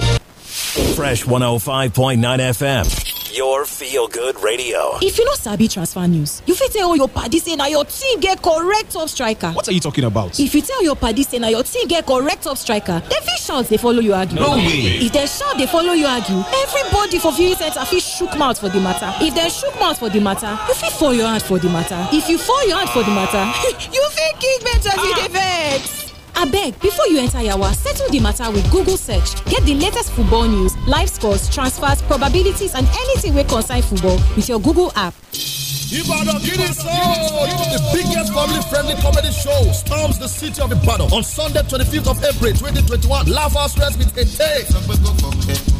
Fresh 105.9 FM your feel good radio. If you know sabi transfer news, you fit tell your party say now your team get correct top striker. What are you talking about? If you tell your party say now your team get correct top striker, dem fish shout they follow you argue. No way. If they shout they follow you argue, everybody for viewing centre fit shook mouth for the matter. If they shook mouth for the matter, you fit fall your hand for the matter. If you fall your hand for the matter, <laughs> you fit kick better as you dey abeg before you enter yawa settle the matter with google search get the latest football news live scores transfers probabilities and anything wey concern football with your google app. Ibadan Guinness The biggest family friendly comedy show storms the city of Ibadan on Sunday 25th of April 2021. Laugh us rest with a taste.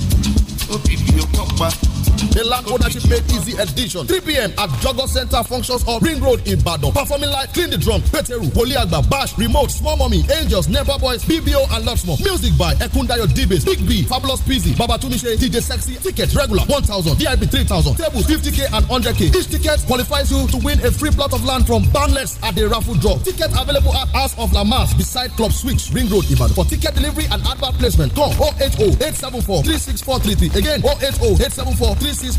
The Elanco Ownership Made Easy Edition 3 p.m. at Jogger Center Functions Hall, Ring Road, Ibadan. Performing live Clean the Drum, Peteru, Poliagba, Bash, Remote, Small Mommy, Angels, Nepa Boys, BBO, and lots more. Music by Ekundayo Dibes, Big B, Fabulous Peasy, Babatunde, DJ Sexy. Ticket regular 1,000, VIP 3,000, tables 50k and 100k. Each ticket qualifies you to win a free plot of land from Boundless at the raffle draw. Ticket available at House of Lamas beside Club Switch, Ring Road, Ibadan. For ticket delivery and advert placement, call 080 874 36433 again 080 874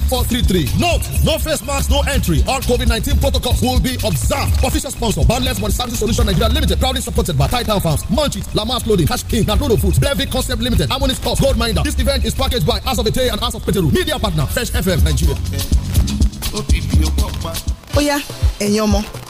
36433. Note, no face mask, no entry. All COVID 19 protocols will be observed. Official sponsor, Boundless Money Services Solution Nigeria Limited. Proudly supported by Titan Farms, Munchies, Lamar Clothing, Cash King, Naruto Foods, Brevi Concept Limited, Harmonic Corp, Gold Minder. This event is packaged by House of Etay and House of Peteru. Media partner, Fresh FM Nigeria. Oh yeah, Enyomo. ọmọ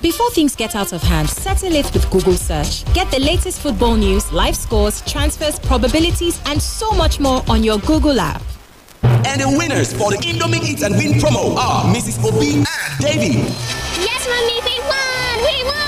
Before things get out of hand, settle it with Google Search. Get the latest football news, live scores, transfers, probabilities, and so much more on your Google app. And the winners for the Indomie Eat and Win promo are Mrs. Obi and Davy. Yes, Mommy, we won! We won!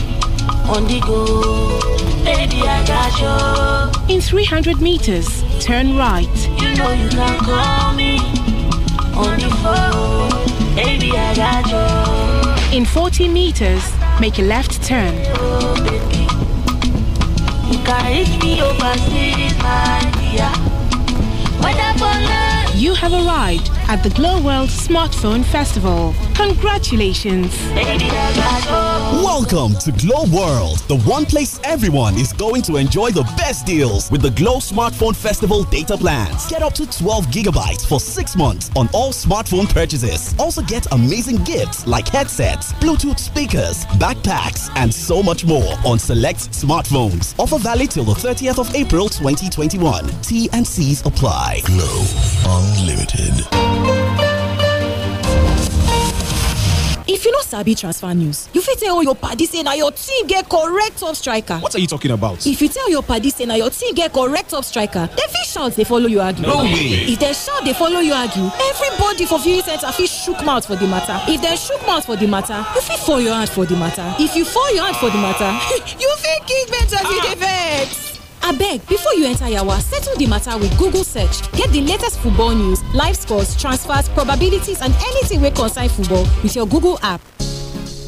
on the go. Baby, I got you. In 300 meters, turn right. You know you can call me on the phone. Baby, I got you. In 40 meters, make a left turn. You You have arrived at the Glow World Smartphone Festival. Congratulations! Welcome to Glow World, the one place everyone is going to enjoy the best deals with the Glow Smartphone Festival data plans. Get up to 12 gigabytes for 6 months on all smartphone purchases. Also get amazing gifts like headsets, Bluetooth speakers, backpacks, and so much more on select smartphones. Offer valid till the 30th of April 2021. T and C's apply. Glow Unlimited. if you no sabi transfer news you fit tell all your padi say na your team get correct top striker what are you talking about if you tell your padi say na your team get correct top striker dem fit shout dey follow you argue no way if dem shout dey follow you argue everybody for viewing centre fit shook mouth for di matter if dem shook mouth for di matter you fit fall your hand for di matter if you fall your hand for di matter <laughs> you fit kick bench as you dey abeg before you enter yawa settle the matter with google search get the latest football news live scores transfers probabilities and anything wey concern football with your google app.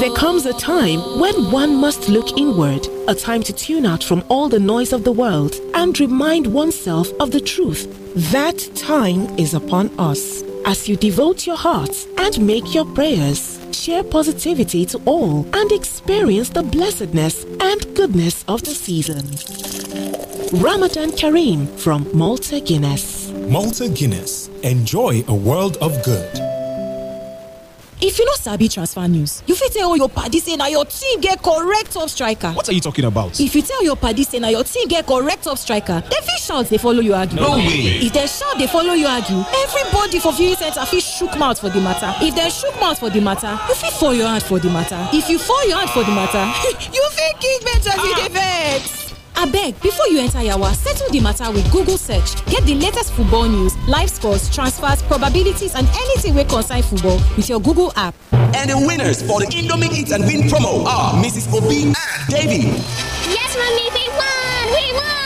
there comes a time when one must look inward, a time to tune out from all the noise of the world and remind oneself of the truth. That time is upon us. As you devote your hearts and make your prayers, share positivity to all and experience the blessedness and goodness of the season. Ramadan Kareem from Malta Guinness. Malta Guinness. Enjoy a world of good. if you no sabi transfer news you fit tell your padi say na your team get correct top striker what are you talking about if you tell your padi say na your team get correct top striker dem fit shout dey follow you argue no way if dem shout dey follow you argue everybody for viewing centre fit shook mouth for di matter if dem shook mouth for di matter you fit fall your hand for di matter if you fall your hand for di matter <laughs> you fit kick bench as the dey abeg before you enter yawa settle the matter with google search get the latest football news live scores transfers probabilities and anything wey concern football with your google app. and the winners for the indomie eat and win promo are mrs obi and davy. yes mami we won we won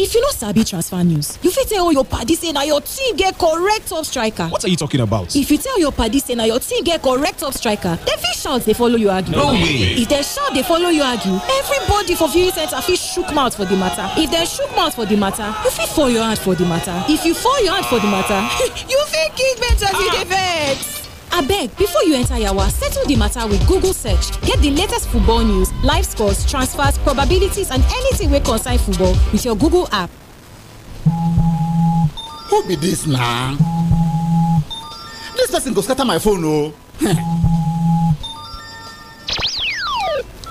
if you no sabi transfer news you fit tell all your padi say na your team get correct top striker what are you talking about if you tell your padi say na your team get correct top striker dem fit shout dey follow you argue no way if dem shout dey follow you argue everybody for viewing centre fit shook mouth for di matter if dem shook mouth for di matter you fit fall your hand for di matter if you fall your hand for di matter <laughs> you fit kick bench as you abeg before you enter yawa settle the matter with google search get the latest football news live scores transfers probabilities and anything wey concern football with your google app. who be dis na? dis person go scatter my phone o. Oh.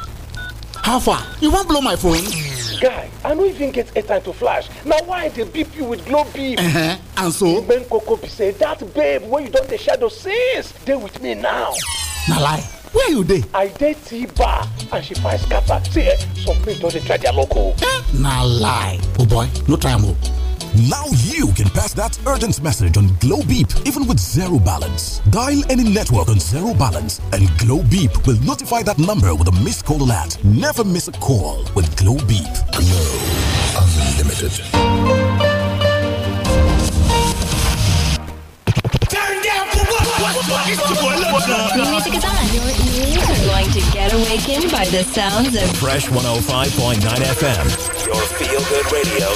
<laughs> how far you wan blow my phone? Guy, I no even get airtime to flash. Now why they beep you with glow beep? Uh-huh. And so? Ben Coco say, that babe where you don dey shadow since dey with me now. Na lie. Where you dey? I dey tea bar and she find scatter tear. Some men don dey try their local. Eh? Na lie. Oh boy, no try am o. Now you can pass that urgent message on Glow Beep even with zero balance. Dial any network on zero balance and Glow Beep will notify that number with a missed call alert. Never miss a call with Glow Beep. Glow Unlimited. Music is on. are going to get awakened by the sounds of Fresh 105.9 FM. Your feel good radio.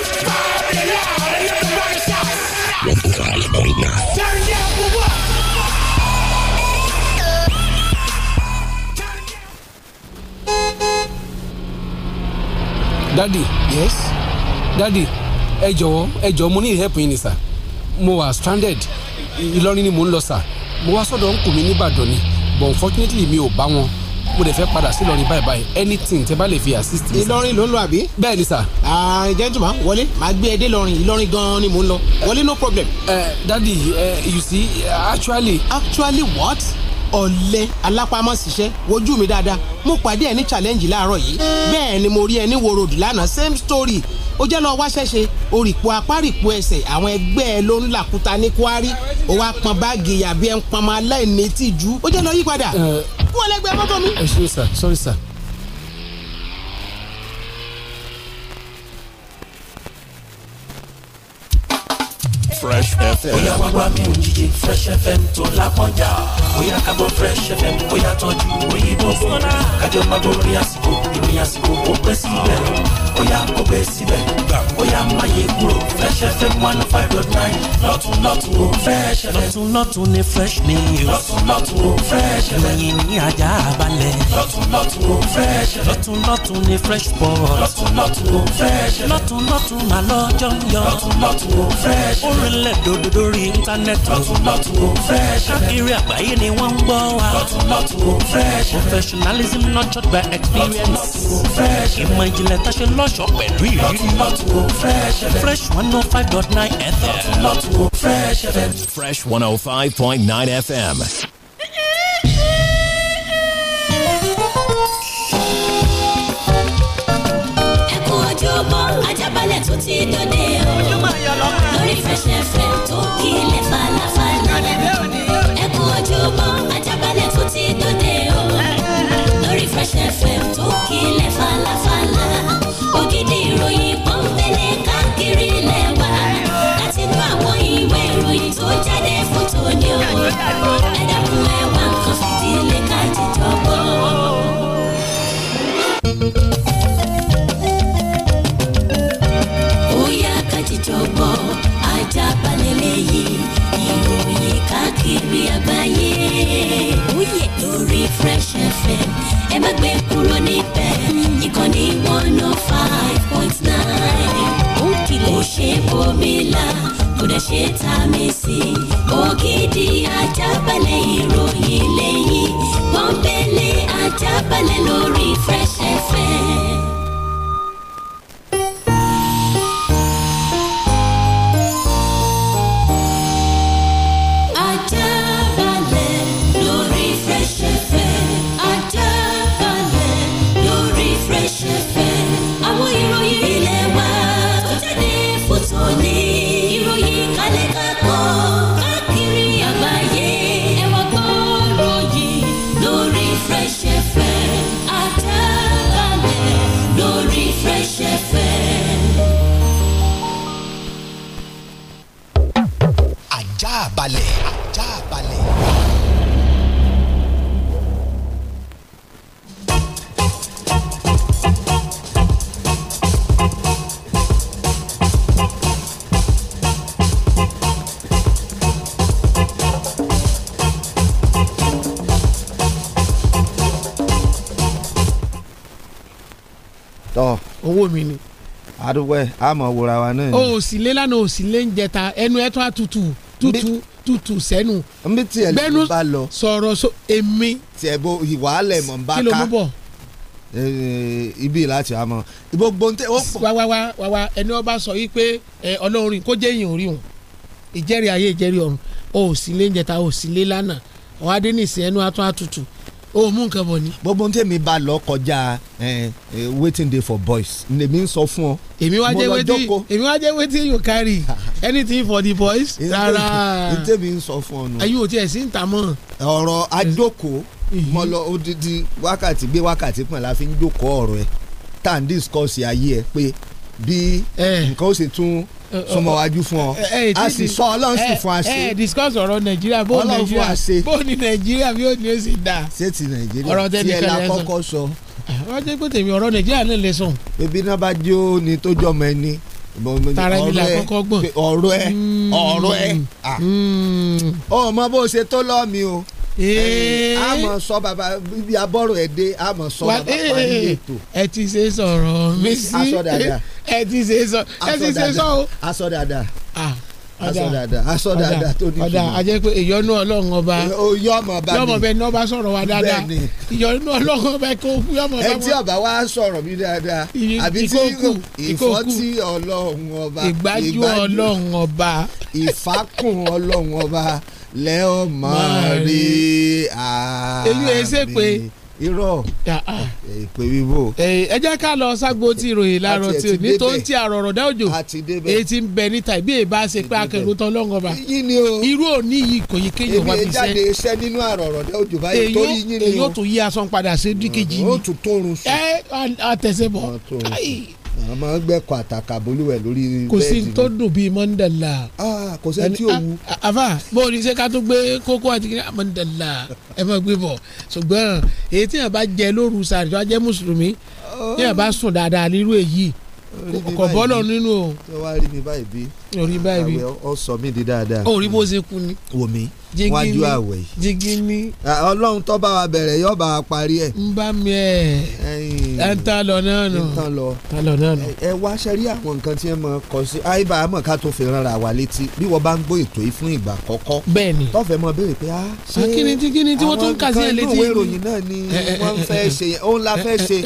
Daddy. Yes. Daddy. ẹ jọ̀wọ́ ẹ jọ̀ọ́ mo ní help yín sir stranded Ìlọrin ni mo ń sir mo wá sọ́dọ̀ ńkù mi nìbàdàn ni but unfortunately mi ò bá wọn mo dẹ̀ fẹ́ padà sí ìlọrin báyìí báyìí anything tẹ́ bá lè fi assist mi. ìlọrin ló ń lọ àbí. bẹ́ẹ̀ ni sà. gentleman wọlé màá gbé ẹ dé lọrin ìlọrin gan ni mò ń lọ wọlé no problem. uh, daddy uh, you see eh, actually. actually what? ọ̀lẹ alápámọ́síṣẹ́ wojú mi dáadáa mo pàdé ẹ challenge láàárọ̀ yìí bẹ́ẹ̀ ni mo rí ẹ ní wòròdù lánàá same story ó jẹ́ lọ́ọ́ wáṣẹ́ṣe orìpò apárìpò ẹsẹ̀ àwọn ẹgbẹ́ ẹ ló ń làkúta ní kwari ó wá pọn báàgì yàbí ẹ ń pọn ọmọ aláìní tìjú ó jẹ́ lọ́ọ́ yípadà. kú ọlẹ́gbẹ́ mọ́tò mi. ẹ ṣe sà sorry sà. Fresh FM. bóyá wá wá mi ò jíjẹ Fresh FM tó lápọ́njà bóyá ká gbọ́ Fresh FM bóyá tọ́jú òyìnbó fúnra kájọ máa gbọ́ orí àsìkò ìròyìn àsìkò ó pẹ́ síbẹ̀ bóyá kò pẹ́ síbẹ̀ bóyá má yẹ kúrò Fresh FM one oh five dot nine lọ́tún lọ́tún ó Fresh FM. lọ́tún lọ́tún ni Fresh news. lọ́tún lọ́tún ó Fresh FM. ìròyìn ní ajá balẹ̀. lọ́tún lọ́tún ó Fresh FM. lọ́tún lọ́tún ni Fresh sport. lọ́tún lọ́tún ó Fresh FM. lọ́tún lọ́tún tẹ́lẹ̀ dodo lórí íńtánẹ́ẹ̀tì. lọ́tùlọ́tù ó Fresh. káàkiri àgbáyé ni wọ́n ń gbọ́ wa. lọ́tùlọ́tù ó Fresh. professionalism nurtured by experience. lọ́tùlọ́tù ó Fresh. ìmọ̀ ìjìnlẹ̀ one oh five point nine FM. ajábalẹ̀ tó ti dòde o. ojú máa yọ lórí fẹsẹ̀fẹ̀ tó kílẹ̀ falafala. ẹ kú ojúmọ́ ajábalẹ̀ tó ti dòde o lórí fẹsẹ̀fẹ̀ tó kílẹ̀ falafala. ògidì ìròyìn pọ́npẹ́lẹ́ káàkiri lẹ́wà látinú àwọn ìwé ìròyìn tó jáde fún o. fm ẹ má gbé kúrò níbẹ̀ ìkànnì one oh five point nine ó kìlẹ̀ ṣe bomi la kò dẹ̀ ṣe mi sí i ògidì ajábalẹ̀ ìròyìn lẹ́yìn pọ́npẹ́lẹ́ ajábalẹ̀ lórí fresh fm. tọ owó mi ni àdúgbò ẹ àmọ wòra wa náà. o sì lé lánàá o sì lé ń jẹta ẹnu ẹ tún àtútù tútù tútù sẹ́nu. n bí tiẹ̀ ló ń bá lọ sọ̀rọ̀ so èmi. tiẹ̀ bo ìwàálẹ̀ mọ̀ n bá ká kí ló mú bọ̀. ibi láti àmọ́ gbogbo n tẹ. wá wá wá wá wá ẹni ọba sọ yìí pé ọlọ́run kó jẹ́ èèyàn orí òun ìjẹ́rìí ayé ìjẹ́rìí ọ̀run o sì lé ń jẹta o sì lé lánàá ọ̀ adé nìsín ẹnu atún àtútù o mú nǹkan bọ̀ ni. gbogbo ní tèmi bá lọ kọjá waiting day for boys lèmi ń sọ fún ọ. èmi wá jẹ́ wetin èmi wá jẹ́ wetin you carry <laughs> anything for the boys. rárá ní tèmi ń sọ fún ọ nù. ayé o tiẹ̀ sí ń ta mọ́. ọ̀rọ̀ àjòkó mhm. mo lọ odidi wákàtí gbé wákàtí pọ̀ la fi ń jókòó ọ̀rọ̀ ẹ̀ tá à ń discuss ayé ẹ pé bí eh. nǹkan ó ṣe tún eh, eh, súnmọ́ wájú fún ọ a sì sọ ọlọ́run sì fún àṣẹ. ẹ ẹ discuss ọ̀rọ̀ nàìjíríà bó nàìjíríà bó ni nàìjíríà bí ó ní ó sì dà. ṣé ti nàìjíríà tí ẹ la kọ́kọ́ sọ. wọ́n jẹ́ pé tèmi ọ̀rọ̀ nàìjíríà náà lè sùn. ebi náà bá jẹ́ ó ni tó jọmọ ẹni. tara ibi la kọ́kọ́ gbọ̀n. ọ̀rọ̀ ẹ ọ̀rọ̀ ẹ. ọmọ hmm. ah. hmm. bó ṣe tó lọ́ọ̀ mi o a mọ̀ sọ bàbá ibi abọ́rò ẹ̀ dé a mọ̀ sọ bàbá eh, pa ní eh, ètò. ẹ ti ṣe sọ̀rọ̀ mi sí ẹ ti ṣe sọ ẹ ti ṣe sọ o. aṣọ dáadáa aṣọ ah, dáadáa aṣọ dáadáa tó ní ìtumọ̀. ọ̀dà àjẹ́ pé ìyọnu ọlọ́run ọba yọmọ bá yọmọ bẹ ní ọba sọ̀rọ̀ wa dáadáa ìyọnu ọlọ́run ọba kò kú yọmọ bá ẹ tí ọba wa sọ̀rọ̀ mi dáadáa àbí tí ìfọ́tí ọlọ́run ọba ìgbájú ọlọ́run ọba ìfákùn ọlọ́run ọba lẹ́ ọ máa rí ààrẹ èyí ẹ ṣe pé irọ́ ah. ìpè wíwò. ẹ jẹ́ ká lọ ságbo ti ìròyìn láàárọ̀ tí o ní tó ń ti àrọ̀rọ̀ dá òjò èyí ti ń bẹ níta ìbí èyí bá ṣe pé akẹ́rù tán lọ́ngọ̀ba irú òní yìí kò yí kéèyàn wá fi ṣẹ́. èmi jáde iṣẹ́ nínú àrọ̀rọ̀ dá òjò báyìí torí yín ni èyí yóò tún yí asan padà sí díkejì ni. yóò tún tórun sùn. ẹ àtẹ̀sẹ̀ bọ̀ káyì àwọn máa ń gbẹ̀kọ̀ àtàkà bolúwẹ̀ lórí bẹ́ẹ̀dì kò sí tó dùn bíi mọ́ndàlá. Ah, kò sẹ́ni tí ò wu. àfà bó ní ṣe ká tó gbé kókó àti ah, mọ́ndàlá ẹ máa gbé bọ̀ ṣùgbọ́n èyí tí yàrá bá jẹ lóru sàrìjọ́ ajẹ́ mùsùlùmí ah. yàrá bá sùn dáadáa nírú èyí kò bọ́lọ̀ nínú o. tí wàá rí mi báyìí bí. o rí báyìí bí. ọ sọ mi di dáadáa. o rí bó ṣe kú ni. wò mí wájú àwẹ̀ yìí. jígí ni. ọlọ́run tó bá wa bẹ̀rẹ̀ yóò bá wa parí ẹ̀. ń bá mi ẹ̀ ẹ̀ ń tán lọ náà nù. ń tán lọ tán lọ náà nù. ẹ wá sẹ́rí àwọn nǹkan tí ẹ mọ̀ kọ sí. àìbá àmọ̀ ká tó fi ránra wa létí bí wọ́n bá ń gbọ́ ètò yìí fún ìgbà àkọ́kọ́. bẹ́ẹ̀ni tọ́fẹ̀ mọ béèrè pé ah ṣé kíni tún kà sí ẹ̀ létí. àwọn nǹkan inú ìròyìn náà ni wọ́n fẹ́ ṣe òun la fẹ́ ṣe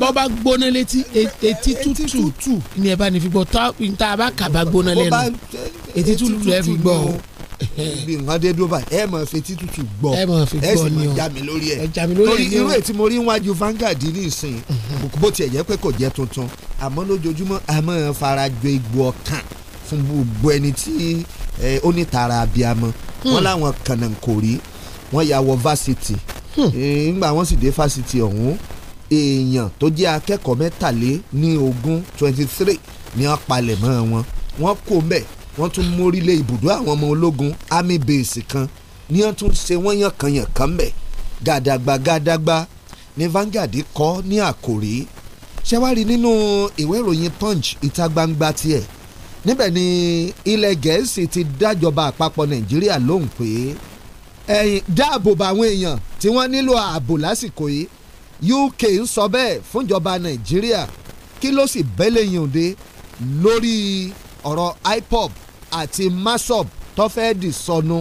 bọ́ba gbóná létí e-, etí tútù ni ẹ bá ní fi gbọ́ tá a bá kàbá gbóná lẹ́nu etí tútù ẹ fi gbọ́ o bí nǹkan dé dúró báyìí ẹ máa fetí tútù gbọ́ ẹ máa fi gbọ́ ni o ẹ sì máa já mi lórí ẹ torí irú ètí mo rí wájú Vanguard ní ìsìn mhm. bó tiẹ̀ jẹ́ pé kò jẹ́ tuntun àmọ́ lójoojúmọ́ a máa farajọ egbò ọkàn fún gbogbo ẹni tí ó abiyamọ hmm. wọn láwọn kànáńkò rí wọn yà wọ fásitì hmm. nígbà wọn sì dé fásitì ọ̀hún èèyàn tó jẹ́ akẹ́kọ̀ọ́ mẹ́tàlé ní ogún twenty three ni wọ́n palẹ̀ mọ́ wọn wọ́n kó mbẹ́ wọ́n tún mórílẹ̀ ibùdó àwọn ọmọ ológun army base kan ni wọ́n tún ṣe wọ́n yàn kan yàn kan mbẹ́ gàdàgbà gàdàgbà ni Vanguard kọ́ ní àkòrí ṣẹ́wárí nínú ìwé ìròyìn Punch ìta gbangba tiẹ̀ níbẹ̀ ni ilẹ̀ gẹ̀ẹ́sì ti dájọba àpapọ̀ nàìjíríà lóhùn pé ẹ̀yìn dáàbò bá àwọn èèyàn tí wọ́n nílò ààbò lásìkò yìí UK ń sọ bẹ́ẹ̀ fúnjọba Nàìjíríà kí ló sì bẹ́lẹ̀ yìí òde lórí ọ̀rọ̀ IPOB àti MASOB tó fẹ́ di sọnù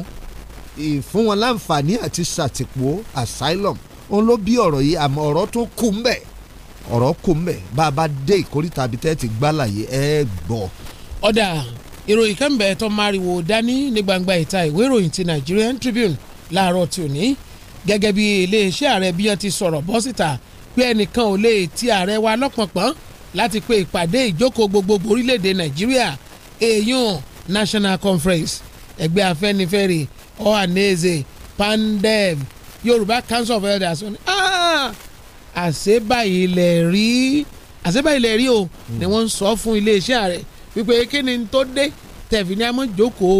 ìfún wọn láǹfààní àti ṣàtìpó asylum òun ló bí ọ̀rọ̀ yìí àmọ́ ọ̀rọ̀ tún kù ń bẹ̀ ọ̀rọ̀ kù ń bẹ̀ bá a bá dé ìkórìtà àbí tẹ́ ti gbálàyé ẹ gbọ́. ọ̀dà ìròyìn kẹ́ńbẹ̀ẹ́ tó máa riwo dání ní gbangba ìta ìwé ìròyìn ti Nigerian Tribune láàárọ̀ tí ò ní gẹ́gẹ́ bí iléeṣẹ́ ààrẹ bí wọ́n ti sọ̀rọ̀ bọ́ síta pé ẹnìkan ò lè ti ààrẹ wa lọ́pọ̀pọ̀n láti pe ìpàdé ìjókòó gbogbogbò orílẹ̀-èdè nàìjíríà èèyàn national conference ẹgbẹ́ afẹ́nifẹ́re ohaneze pandev yorùbá council of elders ọ̀ni ah, àṣebáyìí lè rí àṣebáyìí lè rí o ni wọ́n ń sọ fún iléeṣẹ́ ààrẹ wípé kí ni tó dé tẹ̀fì ní amójókòó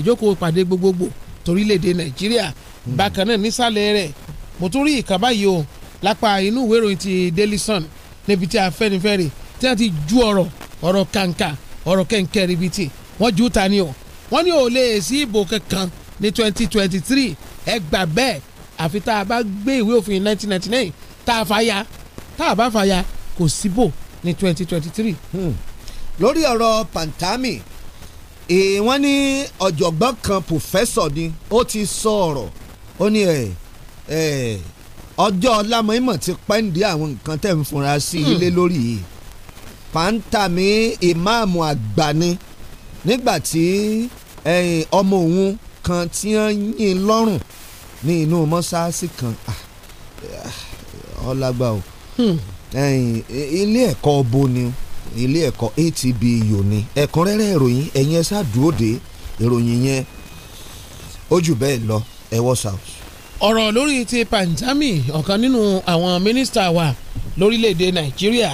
ìjókòó ìpàdé gbogbogbò torílẹ̀-èdè nàìjíríà bákan náà nísàlẹ̀ rẹ̀ mo tún rí ìkan báyìí o lápá inú ìwé ti Daily Sun níbi tí Afẹ́nifẹ́re tí wọ́n ti ju ọ̀rọ̀ ọ̀rọ̀ kàǹkà ọ̀rọ̀ kẹ̀ǹkẹ́ ribiti wọ́n ju ta ni o wọ́n ní ò sí ìbò kankan ní 2023 ẹ gbà bẹ́ẹ̀ àfi tá a bá gbé ìwé òfin 1999 tá a fa ya tá a bá fa ya kò síbò ní 2023. Hmm. lórí ọ̀rọ̀ pantami wọ́n ní ọ̀jọ̀gbọ́n kan pòfẹ́sọ̀ ni ó ti sọ ọ̀rọ̀ ó ní ẹ eh, ẹ eh, ọjọ́ ọlámọ́ìmọ̀ ti pẹ́ǹdì àwọn nǹkan tẹ̀ ń funra sí hmm. ilé lórí yìí pàǹtà mi ìmáàmù àgbà ni nígbà tí eh, ọmọ òun kan tí wọ́n yìn lọ́rùn ní inú mọ́ṣáláṣí kan ah, ah, ọlágbà o hmm. ilé ẹ̀kọ́ bo ni ilé ẹ̀kọ́ atbu ni ẹ̀kúnrẹ́rẹ́ ìròyìn ẹ̀yin ẹ̀ ṣáà dúró de ìròyìn yẹn ó jù bẹ́ẹ̀ lọ ẹ wọ́sà. ọ̀rọ̀ lórí ti panjami? ọ̀kan nínú àwọn mínísítà wa lórílẹ̀‐èdè Nàìjíríà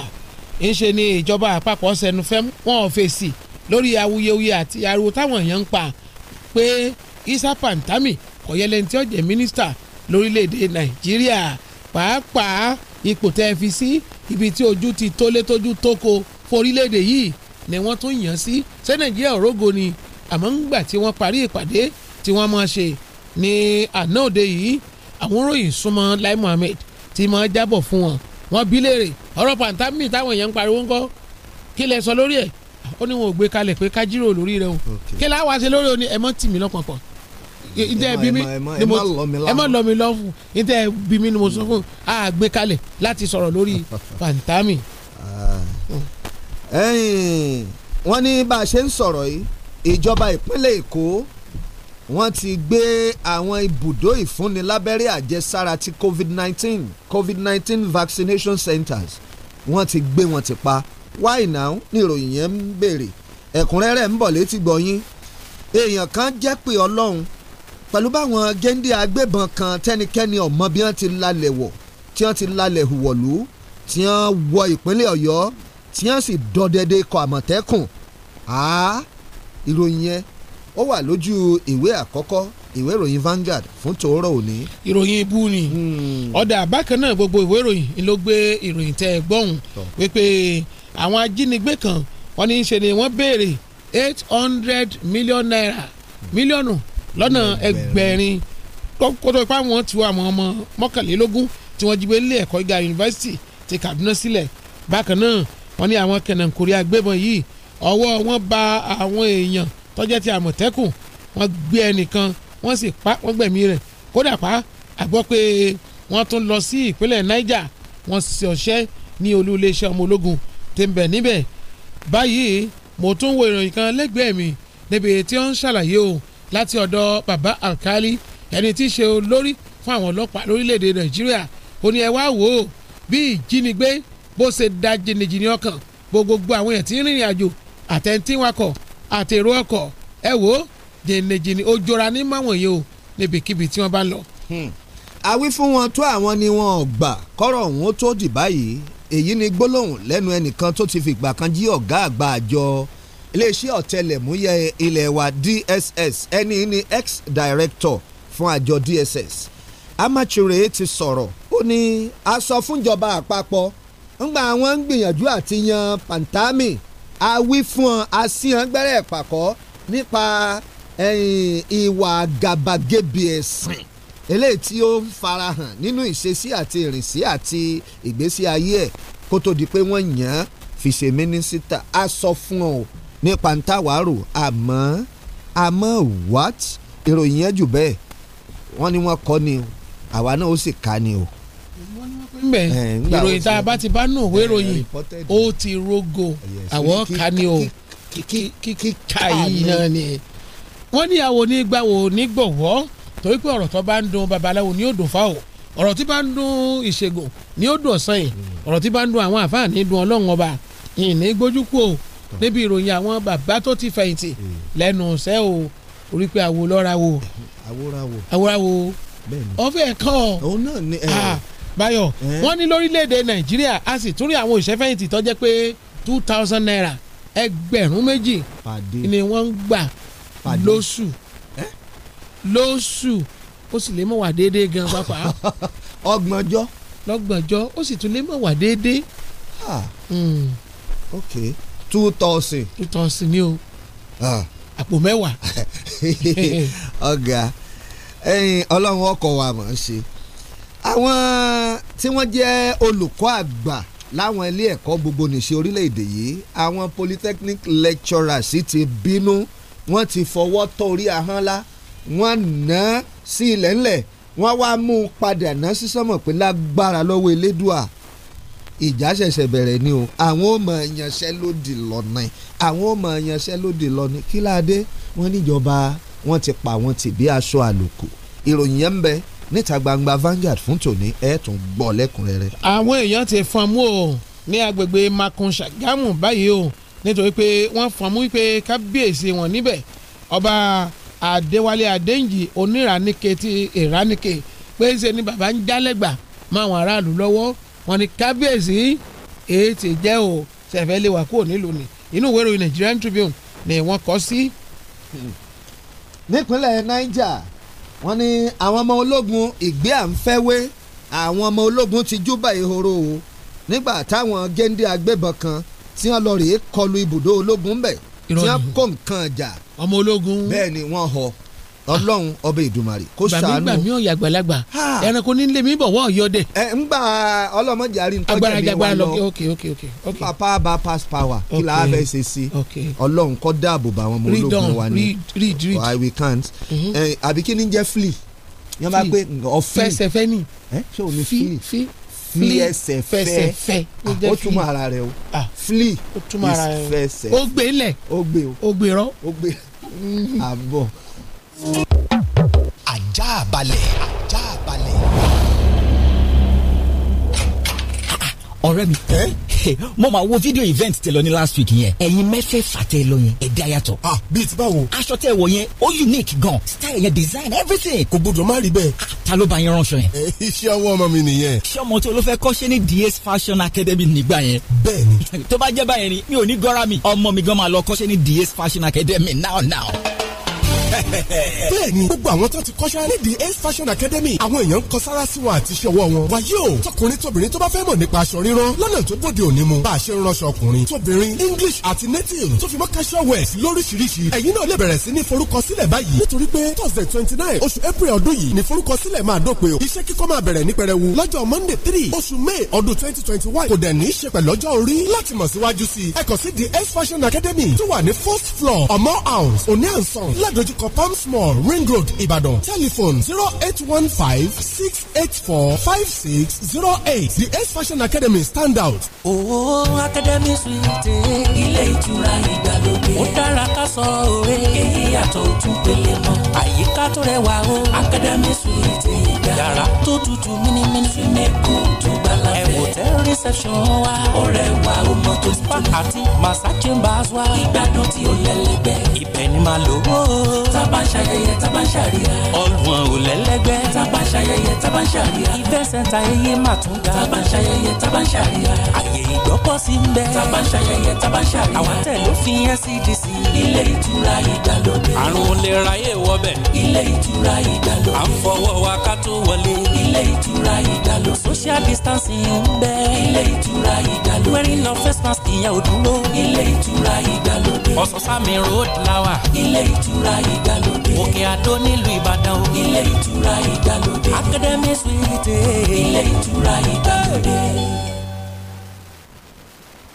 ń ṣe ni ìjọba àpapọ̀ sẹnu fẹ́ wọn ò fèsì lórí awuyewuye àti ariwo táwọn èèyàn ń pa pé Isa Pantami kò yẹ lẹ́ni tí ó jẹ́ mínísítà lórílẹ̀‐èdè Nàìjíríà pàápàá ipò tẹ́ fi sí ibi tí ojú ti tó lé tójú tóko fún orílẹ̀‐èdè yìí ni wọ́n tún yàn sí ṣé Nàìjíríà òrógo ni àmọ́ ńgbà tí wọ́n parí ìpàdé tí wọ́n máa ṣe ní àná òde yìí àwọn òròyìn súnmọ́ Lai Muhammed tí máa jábọ̀ fún wọn wọn bí léèrè ọ̀rọ̀ pàǹtámì táwọn èèyàn ń pariwo ńkọ́ kí lẹ sọ lórí ẹ̀ ó ní wọn ò gbé kalẹ̀ pé ká jíròrò lórí rẹ o kí lẹ wá ṣe lórí o ní ẹ mọ́ tì mí lọ́kàn pọ̀ ìtẹ́ ẹ bí mi ni mo ẹ mọ́ lọ mi lọ ìtẹ́ ẹ bí mi ni mo sọ fún a gbé kalẹ̀ láti sọ̀rọ̀ lórí <laughs> pàǹtámì. wọ́n ní bá a ṣe ń sọ̀rọ̀ yìí ìjọba ìpínlẹ̀ Èkó wọ́n ti gbé àwọn ibùdó ìfúnni lábẹ́rẹ́ àjẹsára ti covid-19 covid-19 vaccination centers wọ́n ti gbé wọn ti pa why now ni ìròyìn yẹn ń béèrè ẹ̀kúnrẹ́rẹ́ ń bọ̀ létí gbọ̀yìn èèyàn kan jẹ́ pé ọlọ́run pẹ̀lú báwọn géńdé agbébọn kan tẹ́nikẹ́ni ọ̀mọ bí wọ́n ti lálẹ̀ wọ̀ tí wọ́n ti lálẹ̀ hùwọ̀lú tí wọ́n wọ ìpínlẹ̀ ọ̀yọ́ tí wọ́n sì dọdẹdẹ ikọ̀ àmọ̀tẹ́kùn ìròyìn yẹn ó wà lójú ìwé àkọ́kọ́ ìwé ìròyìn Vanguard fún tòórọ́ òní. ìròyìn ibú ni hmm. ọ̀dà bákan náà gbogbo ìwé ìròyìn ni ló gbé ìròyìn tẹ́ ẹ gbọ́hùn wípé àwọn ajínigbé kan wọ́n ní í ṣe ni wọ́n béèrè eight hundred million naira hmm. mílíọ̀nù lọ́nà ẹgbẹ̀rin kótó ipá wọn ti wọ àwọn ọmọ mọ́kànlélógún tí wọ́n jí gbé lé ẹ̀kọ́ gíga yunifásitì ti Kaduna sílẹ̀ bákan náà wọ́n ní àwọn kẹ̀nàkùnrin agbébọn yìí ọwọ́ wọn bá àwọn èèyàn tó jẹ́ ti àmọ̀tẹ́kùn wọ́n gbé ẹnìkan wọ́n sì pa wọ́n gbẹ̀mí rẹ̀ kódà pa àgbọ́ pé wọ́n tún lọ sí ìpínlẹ̀ Niger wọ́n sì ọ̀ṣẹ́ ní olú iléeṣẹ́ ọmọ ológun tí ń bẹ níbẹ̀ báyìí mo tún wo ìròyìn kan lẹ́gbẹ̀ẹ́ mi níbi tí wọ́n ń ṣàlàyé o láti ọ̀dọ̀ baba alkali ẹni tí í ṣe olórí fún àwọn ọlọ́pàá lórílẹ̀‐èdè Nàìjíríà ó ní ẹ wá wò ó bí ìjínigbé bó ṣe da jìnnìjìnnì ọkàn gbogbogbò àwọn èèyàn tí ń rìnrìn àjò àtẹ̀ntínwakọ̀ àti èrò ọkọ̀ ẹ wò ó jìnnìjìnnì ó jọra ní máwọn yìí o níbikíbi tí wọ́n bá lọ. àwí hmm. fún wọn tó àwọn ni wọn ò gbà kọ́rọ̀ òun ó tó dì báyìí èyí ni gbólóhùn lẹ́nu ẹnìkan tó ti fìgbà kan jí ọ̀gá àgbà àjọ iléeṣẹ́ ọ̀tẹlẹ̀múyẹ́ ilẹ̀ wa DSS ẹni ní ex-director fún àjọ DSS Amáchúre ti sọ̀rọ̀ ó ní a sọ fúnjọba àpapọ̀ ńgbà àwọn ń gbìyànjú àti yan Pantami awí fún ọ àsìhàn gbẹ́rẹ́ ìpàkọ́ nípa ìwà gàbàgebè ẹ̀sìn eléyìí tí ó ń farahàn nínú ìṣesí àti ìrìnsí àti ìgbésí ayé ẹ̀ kó tó di pé wọ́n yàn án fi ṣe mínísítà á sọ fún ọ nípa ntàwárò àmọ́ àmọ́ what ìròyìn yẹn jù bẹ́ẹ̀ wọ́n ní wọ́n kọ́ ni àwa náà ó sì ká ni o mbẹ ìròyìn tá a bá ti bá nù òwe ìròyìn ó ti rogo àwọ̀ ká ni o kíkà yìí náà ni wọ́n ní àwọn onígbàwò nígbọ̀wọ́ torí pé ọ̀rọ̀ tó bá ń dun babaláwo ni ó dùn fáwọ̀ ọ̀rọ̀ tí bá ń dun ìṣègùn ni ó dùn ọ̀sán yìí hmm. ọ̀rọ̀ tí bá ń dun àwọn àfáà ní dun ọlọ́run ọba ìní gbójúkú o níbi ìròyìn àwọn bàbá tó ti fẹ̀yìntì hmm. lẹ́nu iṣẹ́ o orí pé àwo lọ́ra wo àwòrán wo àwòrán ọ̀fẹ́ ẹ̀kọ́ báyọ̀ eh? wọ́n ní lórílẹ̀‐èdè nàìjíríà a sì tún rí àwọn òṣèfẹ̀yìntì tó jẹ́ pé two thousand naira ẹgbẹ̀rún méjì ni wọ́n ń gbà lóṣù eh? lóṣù ó sì lè mọ̀ wá déédéé gan pàápàá. <laughs> ọgbọ̀njọ́. lọ́gbọ̀njọ́ ó sì tún lè mọ̀ wá déédéé. Ah. Hmm. ok two thousand. two thousand ni o ah. àpò mẹ́wàá. <laughs> ọ̀gá ẹ̀yin ọlọ́run ọkọ̀ wa mọ̀ ń ṣe àwọn tí wọ́n jẹ́ olùkọ́ àgbà láwọn ilé ẹ̀kọ́ gbogbo nìṣe orílẹ̀-èdè yìí àwọn polytechnic lecturers ti bínú wọ́n ti fọwọ́ tọ́ orí ahọ́n lá wọ́n ná sí ilẹ̀ ńlẹ̀ wọ́n wá mú un padà ná sísọ́mọ̀ pé lágbára lọ́wọ́ elédùà ìjà ṣẹ̀ṣẹ̀ bẹ̀rẹ̀ ni o àwọn ò mọ̀ ẹ̀yànṣẹ́ lódì lọ́nà àwọn ò mọ̀ ẹ̀yànṣẹ́ lódì lọ́nà kí láadé wọ́n níjọba wọ́n ti pa wọ́n ti bí aṣọ àlòkù ìròyìn yẹn ń bẹ́ẹ̀ níta gbangba Vanguard fún tòní ẹ̀ tún gbọ́ lẹ́kùnrẹ́rẹ́. àwọn èèyàn ti fọn mú o ní agbègbè makun Ṣàgámù báyìí o nítorí pé wọ́n fọn mú pé kábíyèsí wọn níbẹ̀ ọba Adéwálé Adéǹjì oníranike ti ìranike pé ṣe ni bàbá ń jálẹ̀gbà mọ́ àwọn aráàlú lọ́wọ́ wọn ni kábíyèsí èyí ti jẹ́ o ṣẹ̀fẹ̀ lè wà kúrò nílùú ni inú ìwé Nigerian Tribune ni wọ́n kọ sí. nípínlẹ̀ Niger wọ́n ní àwọn ọmọ ológun ìgbé à ń fẹ́wé àwọn ọmọ ológun ti júbà ìhòòrò o nígbà táwọn géńdé agbébọn kan tí wọ́n lọ rèé kọlu ibùdó ológun bẹ̀ tí wọ́n kó nǹkan ọjà ọmọ ológun bẹ́ẹ̀ ni wọ́n họ ọlọ́run ọba ìdùmarè kó ṣàánú. gbàmí gbàmí ọ̀yà àgbàlagbà ẹranko ní lèmi bọ̀ wọ́ ọ̀yọ́ dẹ̀. ẹ ń gbà ọlọmọdé ń tọ́jà mi wá lọ okay okay okay. papa bá pass power kí la fẹ́ ṣe sí ọlọ́run kó dáàbò bá wọn mọ ológun wa ni read read why we can't mhm. àbí kí ni jẹ́ flea yẹn bá pé ọ̀fìn fẹsẹ̀ fẹ́ ni ṣé o ní flea flea ẹsẹ̀ fẹ́ ah, ó túmọ̀ ara rẹ o ah, flea is fẹsẹ̀ ó gbé lẹ̀ ó gbé o ó gbé rọ́ <laughs> àbọ̀ ajá balẹ̀ ajá balẹ̀. ọ̀rẹ́ mi mo máa wo video event tẹ lọ ní last week yẹn ẹ̀yin mẹ́fẹ̀ẹ̀fà tẹ lọ yẹn ẹ̀dá yàtọ̀. ah bíi ti báwo. aṣọ tẹ wọ yẹn ó unique gan style yẹn design everything. kò gbọdọ̀ má rí bẹ́ẹ̀. Ah, ta ló bá yẹn ránṣọ yẹn. ẹ iṣẹ́ ọwọ́ ọmọ mi nìyẹn. sọmọ tí olófẹ́ kọ́ṣẹ́ ní DS Fashion Academy nígbà yẹn. bẹ́ẹ̀ni. <laughs> tó bá jẹ́ báyẹn ni mi ò ní gọ́ra mi ọmọ mi gan máa lọ kọ́ṣẹ́ ní DS Fashion Academy now now bẹ́ẹ̀ni gbogbo àwọn tó ti kọ́ṣẹ́ nídìí ace fashion academy àwọn èèyàn ń kọ sára sí wọn àti iṣẹ́ ọwọ́ wọn. wàyí o tọkùnrin tóbìnrin tó bá fẹ́ mọ̀ nípa aṣọ rírán lọ́nà tó bóde òní mu bá a ṣe ń ránṣọ ọkùnrin tóbìnrin english àti native tó fi mọ́ casual wears lóríṣiríṣi ẹ̀yin náà lè bẹ̀rẹ̀ sí ní forúkọsílẹ̀ báyìí nítorí pé thursday twenty nine oṣù april ọdún yìí ni forúkọsílẹ̀ máa dópin o iṣẹ́ kíkọ́ máa bẹ̀rẹ̀ ní pẹrẹwu lọ́jọ́ monday three oṣù may ọdún twenty twenty one kò dẹ̀ ní í ṣe pẹ̀lọ́jọ́ orí láti mọ̀ síwájú i ẹ the ace fashion academy tó wà ní first floor ọmọ house oní ànsán ládojúkọ p palms mall ring road Ibadan telephone zero eight one five six eight four five six zero eight the S Fashion Academy stand out. owó oh, Academy Suite ilé ìtura ìgbàlódé ó dára ká sọ òwe èyí yàtọ̀ ojú pele mọ́ àyíká tó rẹwà o Academy Suite ìgbà yàrá tó tutù mímímí fúnmẹ́kù tó gbala fẹ́ ẹ̀wòtẹ́ reception wa ọ̀rẹ́ wa ó mọ tó ti tó àti massage chambers wa ìgbádùn tí ó lẹ́lẹ́gbẹ́ ibẹ̀ ni màá lò ó bá ń ṣayẹyẹ tá bá ń ṣàríyá. ọlùwọ̀n ò lẹ́lẹ́gbẹ́. tá bá ṣayẹyẹ tá bá ń ṣàríyá. ìfẹ́ sẹ́ńtà ẹyẹ máa tún ga. tá bá ń ṣayẹyẹ tá bá ń ṣàríyá. àyè ìgbọ́kọ̀ sí ń bẹ. tá bá ń ṣayẹyẹ tá bá ń ṣàríyá. àwọn tẹ̀ ló fi NCDC. ilé ìtura ìdàlódé. àrùn olè ráyè wọbẹ̀. ilé ìtura ìdàlódé. à ń fọwọ́ wa ká tó wọlé. ilé ìtura ìdàlódé. social distancing ń bẹ. ilé ìtura ìdàlódé. wearing no face mask ìyẹn ò dúró. ilé ìtura ìdàlódé. ọ̀sán-sámi road lawa. ilé ìtura ìdàlódé. òkè àdó nílùú Ìbàdàn ilé ìtura ìdàlódé Academy suite eh. ilé ìtura ìgbàlódé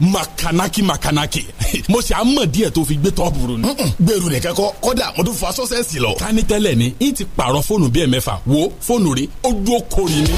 makanaki makanaki <laughs> mo ṣe àmọ̀ díẹ̀ tó fi gbé tọ́pù rò ni. gbèrú nìkan kọ kọ́dà mo tún fa sọ́sẹ̀sì lọ. ká ní tẹ́lẹ̀ ni n ti pààrọ̀ fóònù bíi ẹ̀mẹ́fà wo fóònù rí ojú okòrin ni.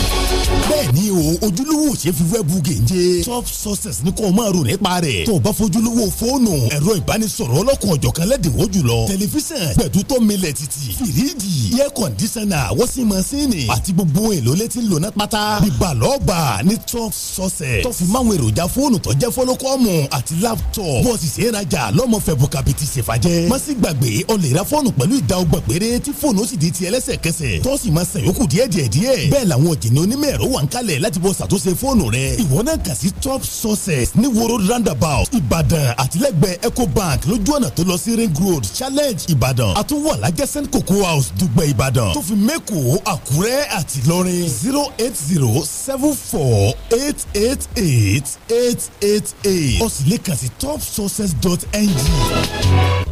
bẹ́ẹ̀ni o ojúlówó ṣe fi wẹ́ẹ̀bù gèje top success ní kò máa rò nípa rẹ̀ tó o bá fojúlówó fóònù ẹ̀rọ ìbánisọ̀rọ̀ ọlọ́kùn ọ̀jọ̀kan lẹ́dínwó jùlọ tẹlifíṣàn gbẹ̀dútọ́ milẹ̀ títì fìríjì air conditioner wọ́sí masínì àti gbogbo èlò létí lónà pátá bíbalọ́ọ̀bà top success tó fi máwọn èròjà fóònù tó kọ́lọ́kọ́mù àti laptop bọ́ọ̀sì ṣe é rajà lọ́mọ fẹ́ bùkàbìtì ṣèfàjẹ́ má sì gbàgbé ọ lè ra fọ́ọ̀nù pẹ̀lú ìdá ọgbà péré tí fóònù ó sì di tiẹ̀ lẹ́sẹ̀kẹsẹ̀ tó sì máa ṣàn yòókù díẹ̀díẹ̀ díẹ̀ bẹ́ẹ̀ làwọn òjìní onímọ̀ ẹ̀rọ wà ń kalẹ̀ láti bọ́ ṣàtúnṣe fóònù rẹ ìwọ náà kà sí top sources ní woro roundabout ìbàdàn àtìlẹ́gbẹ̀ẹ́ ecobank lójú ọ̀nà tó lọ sí ring road challenge ìbàdàn àtúwọ̀ alájẹsẹ́n cocoa house dùgbẹ̀ ìbàdàn tó fi mẹ́kọ̀ àkúrẹ́ àti lọ́rin zero eight zero seven four eight eight eight eight eight o sì lè kàn sí topsources.ng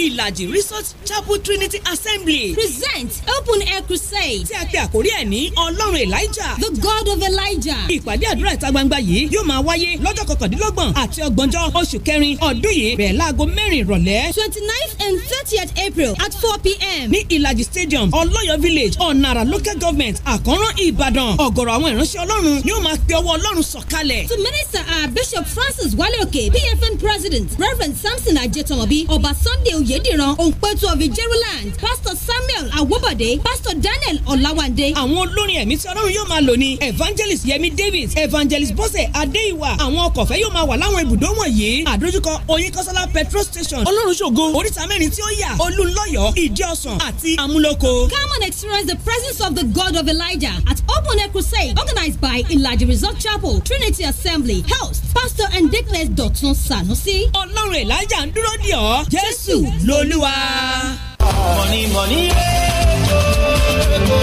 ìlàjì resort chapel trinity assembly present open air crusade tí a pè àkórí ẹ̀ ní ọlọ́run elijah the god of elijah ìpàdé àdúrà ìta gbangba yìí yóò máa wáyé lọ́jọ́ kọkàndínlọ́gbọ̀n àti ọgbọ̀njọ́ oṣù kẹrin ọdún yìí bẹ̀rẹ̀ láago mẹ́rin ìrọ̀lẹ́ twenty nine and thirtieth april at four pm ní ìlàjì stadium ọlọ́yọ̀ village ọ̀nàrà local government àkọ́rán ìbàdàn ọ̀gọ̀rọ̀ àwọn ìránṣẹ́ ọlọ́run yóò máa pe ọwọ́ ọlọ́run sọ̀kalẹ̀. to minister are uh, bishop francis waleoke pfn president reverend samson ajetomobi ọba sunday Oyèdìran òǹpẹ̀tù of Ijeruland Pastor Samuel Awobode Pastor Daniel Ọ̀làwàndé. àwọn olórin ẹ̀mí tí ọlọ́run yóò máa lò ní evangelist Yemi Davis evangelist Bose Adéìwà àwọn ọkọ̀fẹ́ yóò máa wà láwọn ibùdó wọ̀nyí àdójúkọ Oyinkansola petrol station Ọlọ́run ṣògo oríta mẹ́rin tí ó yà Olúńlọ́yọ̀ ìdí ọ̀sán àti amúlòkọ. Come and experience the presence of the God of Elijah at Open Air Crusade organized by Ilaji Resort Chapel Trinity Assembly House. Pastor and Deaconess Dotun Sanusi. Ọlọ́run Elijah ń dúró dì ọ́ Jésù lolúwa money money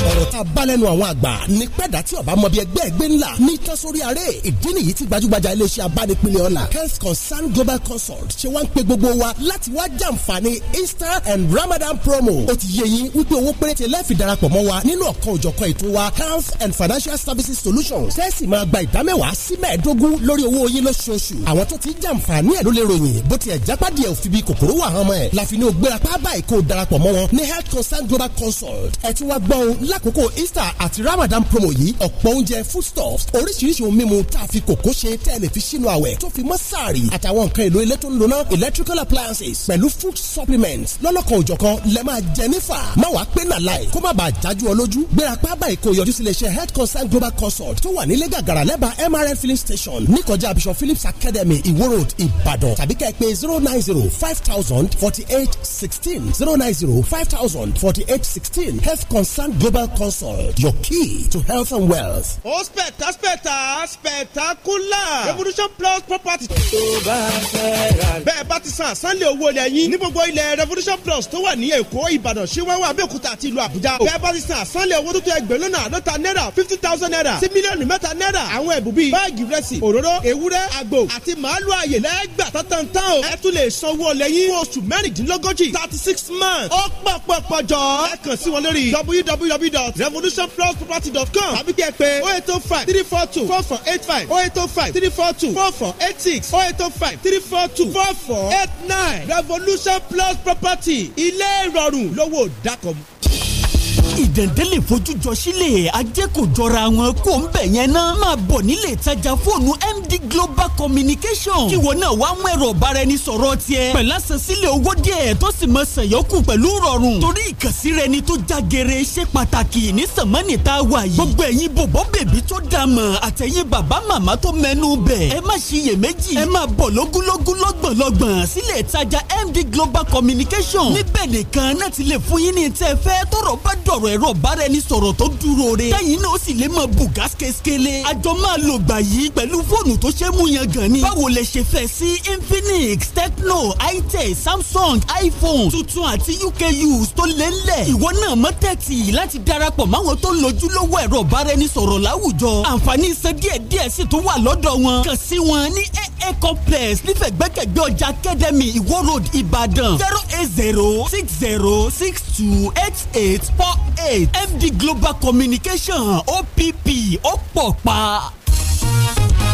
ọ̀rọ̀ tá a bá lẹ́nu àwọn àgbà ní pẹ́ẹ́dá tí ọba mọ̀bí ẹgbẹ́ ẹgbẹ́ ńlá ní tọ́sórí aré ìdí nìyí tí gbajúgbajà iléeṣẹ́ abánipínlẹ̀ ọ̀la health concern global consult ṣe wá ń pe gbogbo wa láti wá jàǹfààní easter and ramadan promo ó ti yẹ yín wípé owó péréte lẹ́ẹ̀fì darapọ̀ mọ́ wa nínú ọ̀kan òjọ̀kan ètò wa health and financial services solutions tẹ́sí máa gba ìdámẹ́wàá sí mẹ́ẹ̀ẹ́dógún lórí owó yín lóṣooṣù àwọn tó ti jàǹfààní ẹ̀ ló lè ròyìn bó ti ẹ̀ jápá díẹ̀ òfin bíi kòkòrò wà hàn mọ́ ẹ̀ láfi ní o gbéra pábà ìkó darapọ̀ darapọ̀ mọ́ wọn ní health concern global consult ẹ̀ tún wá gbọ́ ohun lákòókò easter àti ramadan promo yìí ọ̀pọ̀ oúnjẹ foodstuffs oríṣiríṣi ohun mímu tá a fi kòkó ṣe tẹ́lẹ̀ fi sínú àwẹ̀ tó fi mọ́ sáàrì àtàwọn nǹkan èlò ilé tó ń lona electrical appliances pẹ̀lú food supplements lọ́lọ́kan òjọ̀kan lẹ́ máa jẹ nífà má wàá pé nà láì kó má bàa jájú ọ lójú gbéra pa báyìí kó yọjú sílé iṣẹ́ health concern global consult tó wà nílé gàgàrà lẹ́bàá mrn filling station níkọjá bishop phillips academy ìwó road ìbàdàn tàbí kẹ́ẹ̀ pé zero nine zero five thousand forty eight sixteen zero nine zero through 5000 4816 Health Concern Global Consult. Your key to health and wealth. ó spẹ̀tà spẹ̀tà spectacular Revolution Plus Property. tó bá fẹ́ ra. bẹ́ẹ̀ bá ti san àsánlé owó ilẹ̀ yín ní gbogbo ilẹ̀ Revolution Plus tó wà ní Èkó Ìbàdàn Ṣíwáwá Abẹ́òkúta àti ìlú Àbújá. bẹ́ẹ̀ bá ti san àsánlé owó tó tó ẹgbẹ̀rún lọ́nà àádọ́ta náírà fifty thousand naira sí mílíọ̀nù mẹ́ta náírà àwọn ẹ̀bùn bíi báàgì rẹsì òróró ewúrẹ́ àgbò àti màálù àyè lẹ́gbàá tán tán tán o ẹ tún lè sanwó lẹ́yìn fún oṣù thirty six months náà ó pọ̀ pọ̀ pọ̀ jọ. ẹ sí wọn lórí www.revolutionplusproperty.com tàbí kí ẹ pé oh eight oh five three four two four four eight five oh eight oh five three four two four four eight six oh eight oh five three four two four four eight nine revolution plus property ilé ìrọ̀rùn lówó dákọ̀mù ìdẹ̀ndẹ́ lè fojú jọ sílẹ̀ ajé kò jọra wọn kó ń bẹ̀ yẹn náà máa bọ̀ nílé ìtajà fóònù MD Global Communication kí wọn náà wá mú ẹ̀rọ ọ̀bára ẹni sọ̀rọ̀ tiẹ̀ pẹ̀lú àṣẹsílẹ̀ owó díẹ̀ tó sì mọ sẹ̀yọ́kù pẹ̀lú rọrùn torí ìkànsí rẹ ni tó já gere ṣe pàtàkì ní sàmánì tá a wà yìí gbogbo ẹ̀yin bòbọ́ bèbí tó dà mọ̀ àtẹ̀yìn bàbá màmá tó mẹ́nu bẹ̀ ẹ má ṣiyèméjì ẹ máa bọ̀ lógúnlógún lọ́gbọ̀nlọ́gbọ̀n sílẹ̀ ìtajà MD Global Communication níbẹ̀ nìkan náà ti lè fún yín ní tẹ́ fẹ́ tọ̀rọ̀ bá dọ̀rọ̀ ọ̀rọ̀ ẹ̀rọ ìbáraẹnisọ̀rọ̀ tó dúró re tẹ́yìn náà sì lè máa bù gas kéékèèlé àjọ máa lò gbà yìí pẹ̀lú fóònù tó ṣe é mú yan gan ni báwo lẹ ṣe fẹ́ sí Infinix Tecno itel Samsung iPhone tuntun àti UK tó lé ńlẹ̀ ìwọ náà mọ́ tẹ́tì láti darapọ̀ máwọn tó lójúlówó ẹ̀rọ ìbáraẹnisọ̀rọ̀ láwùjọ àǹfààní iṣẹ́ díẹ̀díẹ̀ sì tún wà lọ́dọ̀ wọn kàn sí wọn ní AA complex nífẹ̀gbẹ́kẹ̀gbẹ́ ọjà Academy Iwo Road Ìbàdàn zero eight zero six zero six two eight eight four eight md global communication opp ó pọ̀ pa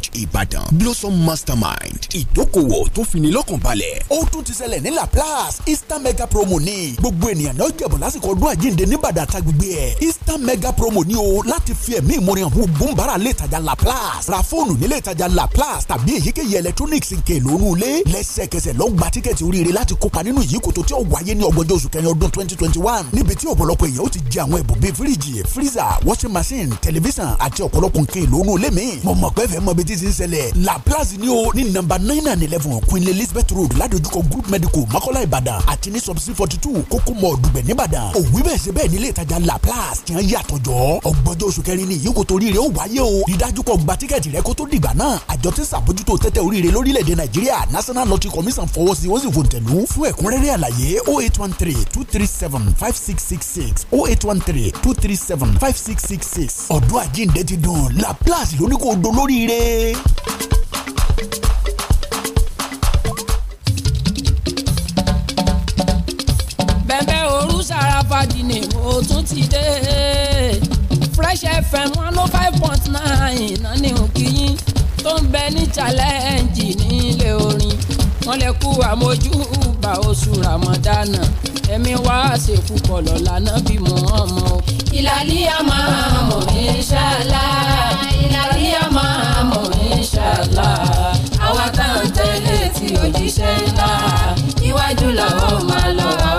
village ìbàdàn blossom mastermind ìdókòwò tó fini lọ́kànbalẹ̀ ó tún ti ṣẹlẹ̀ ní laplace easter mega promo ní gbogbo ènìyàn náà jẹ̀bọ̀ lásìkò ọdún àjíǹde nìbàdàn àtàgbègbè ẹ̀ easter mega promo ní o láti fi ẹ̀mí ìmúrin àwọn bùnbàrà lè tajà laplace ra fóònù nílé ìtajà laplace tàbí èyíkéyìí electronics nkè lónú ilé lẹ́sẹ̀kẹsẹ̀ ló ń gba tíkẹ́ẹ̀tì oríire láti kópa nínú ìyíkòtò tí ó wáyé ní ọgbọ̀njọ́ oṣù kẹrin ọdún twenty twenty one níbi tí washing machine tẹlifíṣàn àti ọ̀pọ̀lọpọ̀ nkè lónú ilé mi mo tí ń ṣẹlẹ̀ la place ni o ni number nine and eleven Queen Elizabeth Road ládojúkọ group medical makola Ìbàdàn àti ní sub c forty two kókó mọ́ ọ̀dùgbẹ̀ nìbàdàn òwì bẹ́ẹ̀ ṣe bẹ́ẹ̀ nílé ìtajà la place tí wọ́n yàtọ̀ jọ ọgbọ́njọ́ oṣù kẹrin ni yìí kò torí rẹ̀ ó wáyé o ìdájú kọ gba tíkẹ́ẹ̀tì rẹ kó tó dìgbà náà àjọ tí ń ṣàbójútó tẹ́tẹ́ oríire lórílẹ̀‐èdè Nàìjíríà National Lottery Commission fọwọ́ sí wọ́n sì fò tẹ̀lú fún ẹ̀kúnrẹ́rẹ́ àlàyé oh eight one three two three oh ọ̀dọ́ àjíǹde ti dùn la place lóníkó odò lóríire bẹ́ẹ̀ òru sára fàdínì mo tún ti dé Fresh FM one oh five point nine náà ni òkìyín tó ń bẹ ní challenge nílé orin wọ́n lè kú àmójú bá oṣù ramadana ẹ̀mí wá ṣèkú kọlọ̀ lánàá bí mo hàn mọ́. ìlàlí àmà mọ̀ inṣàlá ìlàlí àmà mọ̀ inṣàlá àwa tá à ń tẹ̀lé tí òjíṣẹ́ ńlá iwájú làwọn máa lọ wá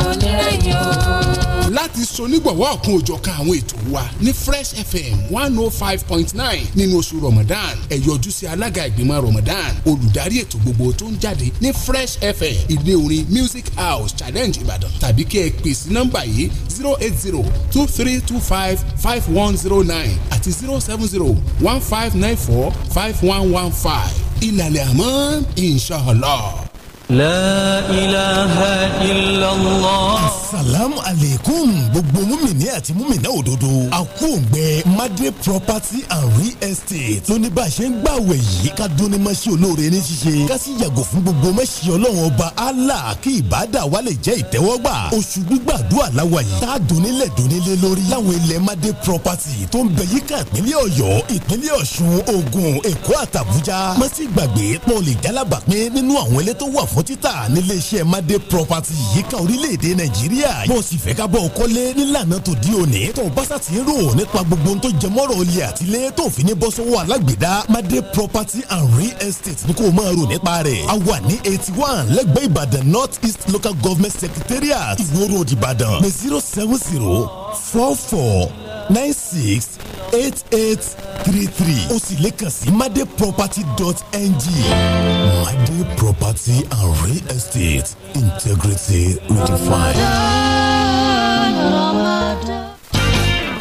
sonígbọ̀wọ́ ọ̀kan òjọ̀kan àwọn ètò wa ní fresh fm one oh five point nine nínú oṣù ramadan ẹ yọjú sí alága ìgbìmọ̀ ramadan olùdarí ètò gbogbo tó ń jáde ní fresh fm ilé orin music house challenge ìbàdàn tàbí kí ẹ pè sí nọ́mbà yìí zero eight zero two three two five five one zero nine àti zero seven zero one five nine four five one one five ìlàlẹ̀ àmọ́ inshallah. La ilaha illallah. Assalamu alaikum gbogbo múmìnì àti múmìnà òdodo. Àkóògbẹ́ Madre Property and Real Estate ló ní bá a ṣe ń gbàwẹ̀ yìí ká dúnni máa ṣe olóore ní ṣíṣe. Ká yàgò fún gbogbo mẹ́sì ọlọ́run ọba Allah kí ìbádà wa lè jẹ́ ìtẹ́wọ́gbà. Oṣù gbígbàdúrà láwa yìí. Tá a dunnílẹ̀ dunnílé lórí. Láwọn ilẹ̀ Madre Property tó ń bẹ yíká ìpínlẹ̀ Ọ̀yọ́, ìpínlẹ̀ Ọ̀ṣun, Ògùn, Èkó àtàbújá. Má sì gbàgbé pọ́ọ̀lì jálábàpín nínú àwọn ilé tó wà fún títà nílé iṣẹ́ Made Property yíká orílẹ̀-èdè Nàìjíríà bó o sì fẹ́ ká bọ̀ kọ́lé nílànà tó di òní tó bá sàtì ń rò nípa gbogbo tó jẹ mọ́rọ̀ olè àtìlẹ́ tó fi ní bọ́ sọ́wọ́ alágbèédá Property and Real Estate ni kò máa rò nípa rẹ̀ a wà ní eighty one lẹ́gbẹ̀ẹ́ Ìbàdàn North East Local Government Secretariat Ìwó Ìbàdàn ní zero seven zero four four nine six eight eight three three o sì lè kàn sí madeproperty.ng made property and real estate integrity redefined.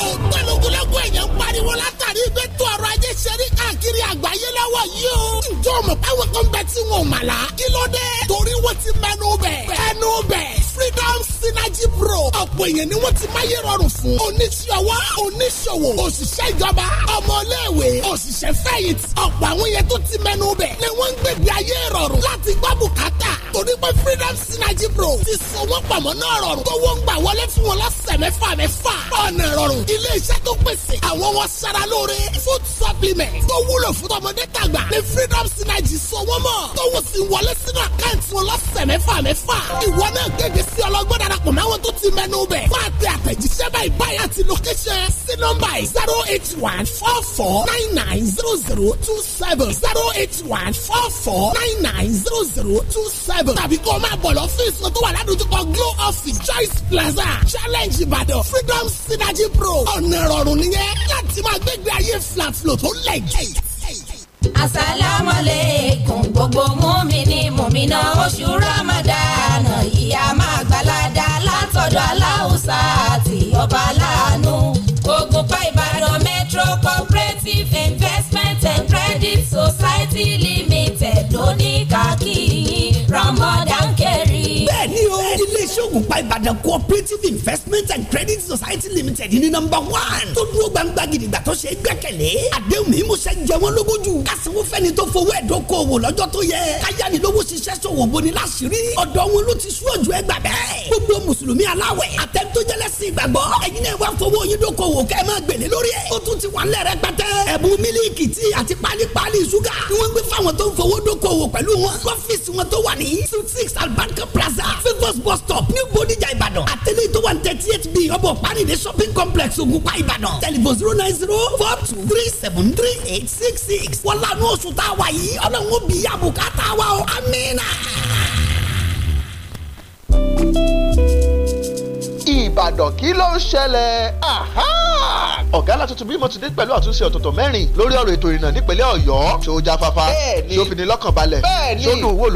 ògbólógbòlógbò kan bẹ tí wọn ò mà lá kí ló dé torí wọ́n ti mẹ́nu bẹ̀ ẹnu bẹ̀ freedom synergy pro ọ̀pọ̀ èèyàn ni wọ́n ti máyé rọrùn fún oníṣòwò oníṣòwò òṣìṣẹ́ ìjọba ọmọléèwé òṣìṣẹ́ fẹ̀yìntì ọ̀pọ̀ àwọn yẹn tó ti mẹ́nu bẹ̀ ni wọ́n ń gbègbè ayé rọrùn láti gbọ́ bùkátà torí pé freedom synergy pro ti so wọ́n pamọ́ náà rọrùn tó wọ́n ń gbà wọlé fún wọn lọ́sẹ̀ mẹ́fà mẹ́fà ọ̀nà rọrùn ilé tó pèsè àwọn wọn sara lóore food supplement tó wúlò fún tọmọdé tàgbà ni freedom synergy so wọ́n mọ̀ tó wọ́n sì wọlé sínú àkáǹtì wọn lọ́sẹ̀ mẹ́fà mẹ́fà ìwọ náà gègé tí ọlọ́gbọ́n darapọ̀ máa wọ́n tó ti mẹ́nu bẹ̀. fún àtẹ àtẹ̀jíṣẹ́ báyìí báyìí àti location sí nọ́mbà yìí zero eight one four four nine nine zero zero two seven zero eight one four four nine nine zero zero two seven. tàbí kó o máa bọ̀ lọ́fíìsì tó wà ládùúgbò Glow Office Choice Plaza Challenge Ìbàdàn Freedom Synergy Pro ọ̀nà ìrọ̀rùn nìyẹn láti máa gbégbé ayé flaflo tó lẹ̀ jẹ́ asalaamualeykum gbogbo mùmíní mùmíná oṣù ramadan yìí a máa gbalada látọ̀dọ̀ aláwùsá àti ọba aláàánú Ògùnpa Ìbàdàn Metro Cooperative Investment and Credit Society Limited ló ní Ramadan kéré bẹ́ẹ̀ ni o ilé iṣẹ́ ògùnpá ìbàdàn cooperative investment and credit society limited ní nọ́mbà one tó dúró gbangba gidigba tó ṣe é gbẹ́kẹ̀lé àdéhùn mímúṣẹ jẹ wọ́n lógójú kásìwò fẹ́ni tó fowó ẹ̀dókòwò lọ́jọ́ tó yẹ káyánilówó ṣiṣẹ́ ṣòwò boni láṣìírí ọ̀dọ̀ wọn ló ti sú ojú ẹgbà bẹ́ẹ̀ gbogbo mùsùlùmí aláwẹ̀ àtẹ̀tójẹ́lẹ́sìn ìgbàgbọ́ ẹ̀yin náà wá fowó yín dókòwò kẹ́ ẹ máa gbèlè ti wà lẹ́rẹ̀ pẹ́tẹ́ ẹ̀bùn mílíkì tí àti pálípálí ṣúgà ni wọ́n gbé fáwọn tó six albanka plaza favours bus stop ní Bódìjà Ìbàdàn àtẹlẹ́ tó wà thirty eight b ọbọ̀ paríde shopping complex Ògùnpá Ibadan. Telephone zero nine zero four two three seven three eight six six wọ́n lanu oṣù tá a wà yìí ọlọ́run ó bí i àbùkátà wa o amínà. Ìbàdàn kí ló ń ṣẹlẹ̀ ọ̀gá alátuntun bímọ ti dé pẹ̀lú àtúnṣe ọ̀tọ̀tọ̀ mẹ́rin lórí ọ̀rọ̀ ètò ìrìnnà nípínlẹ̀ Ọ̀yọ́ ṣó jáfáfá ṣó fini lọ́kàn balẹ̀ ṣó dùn wò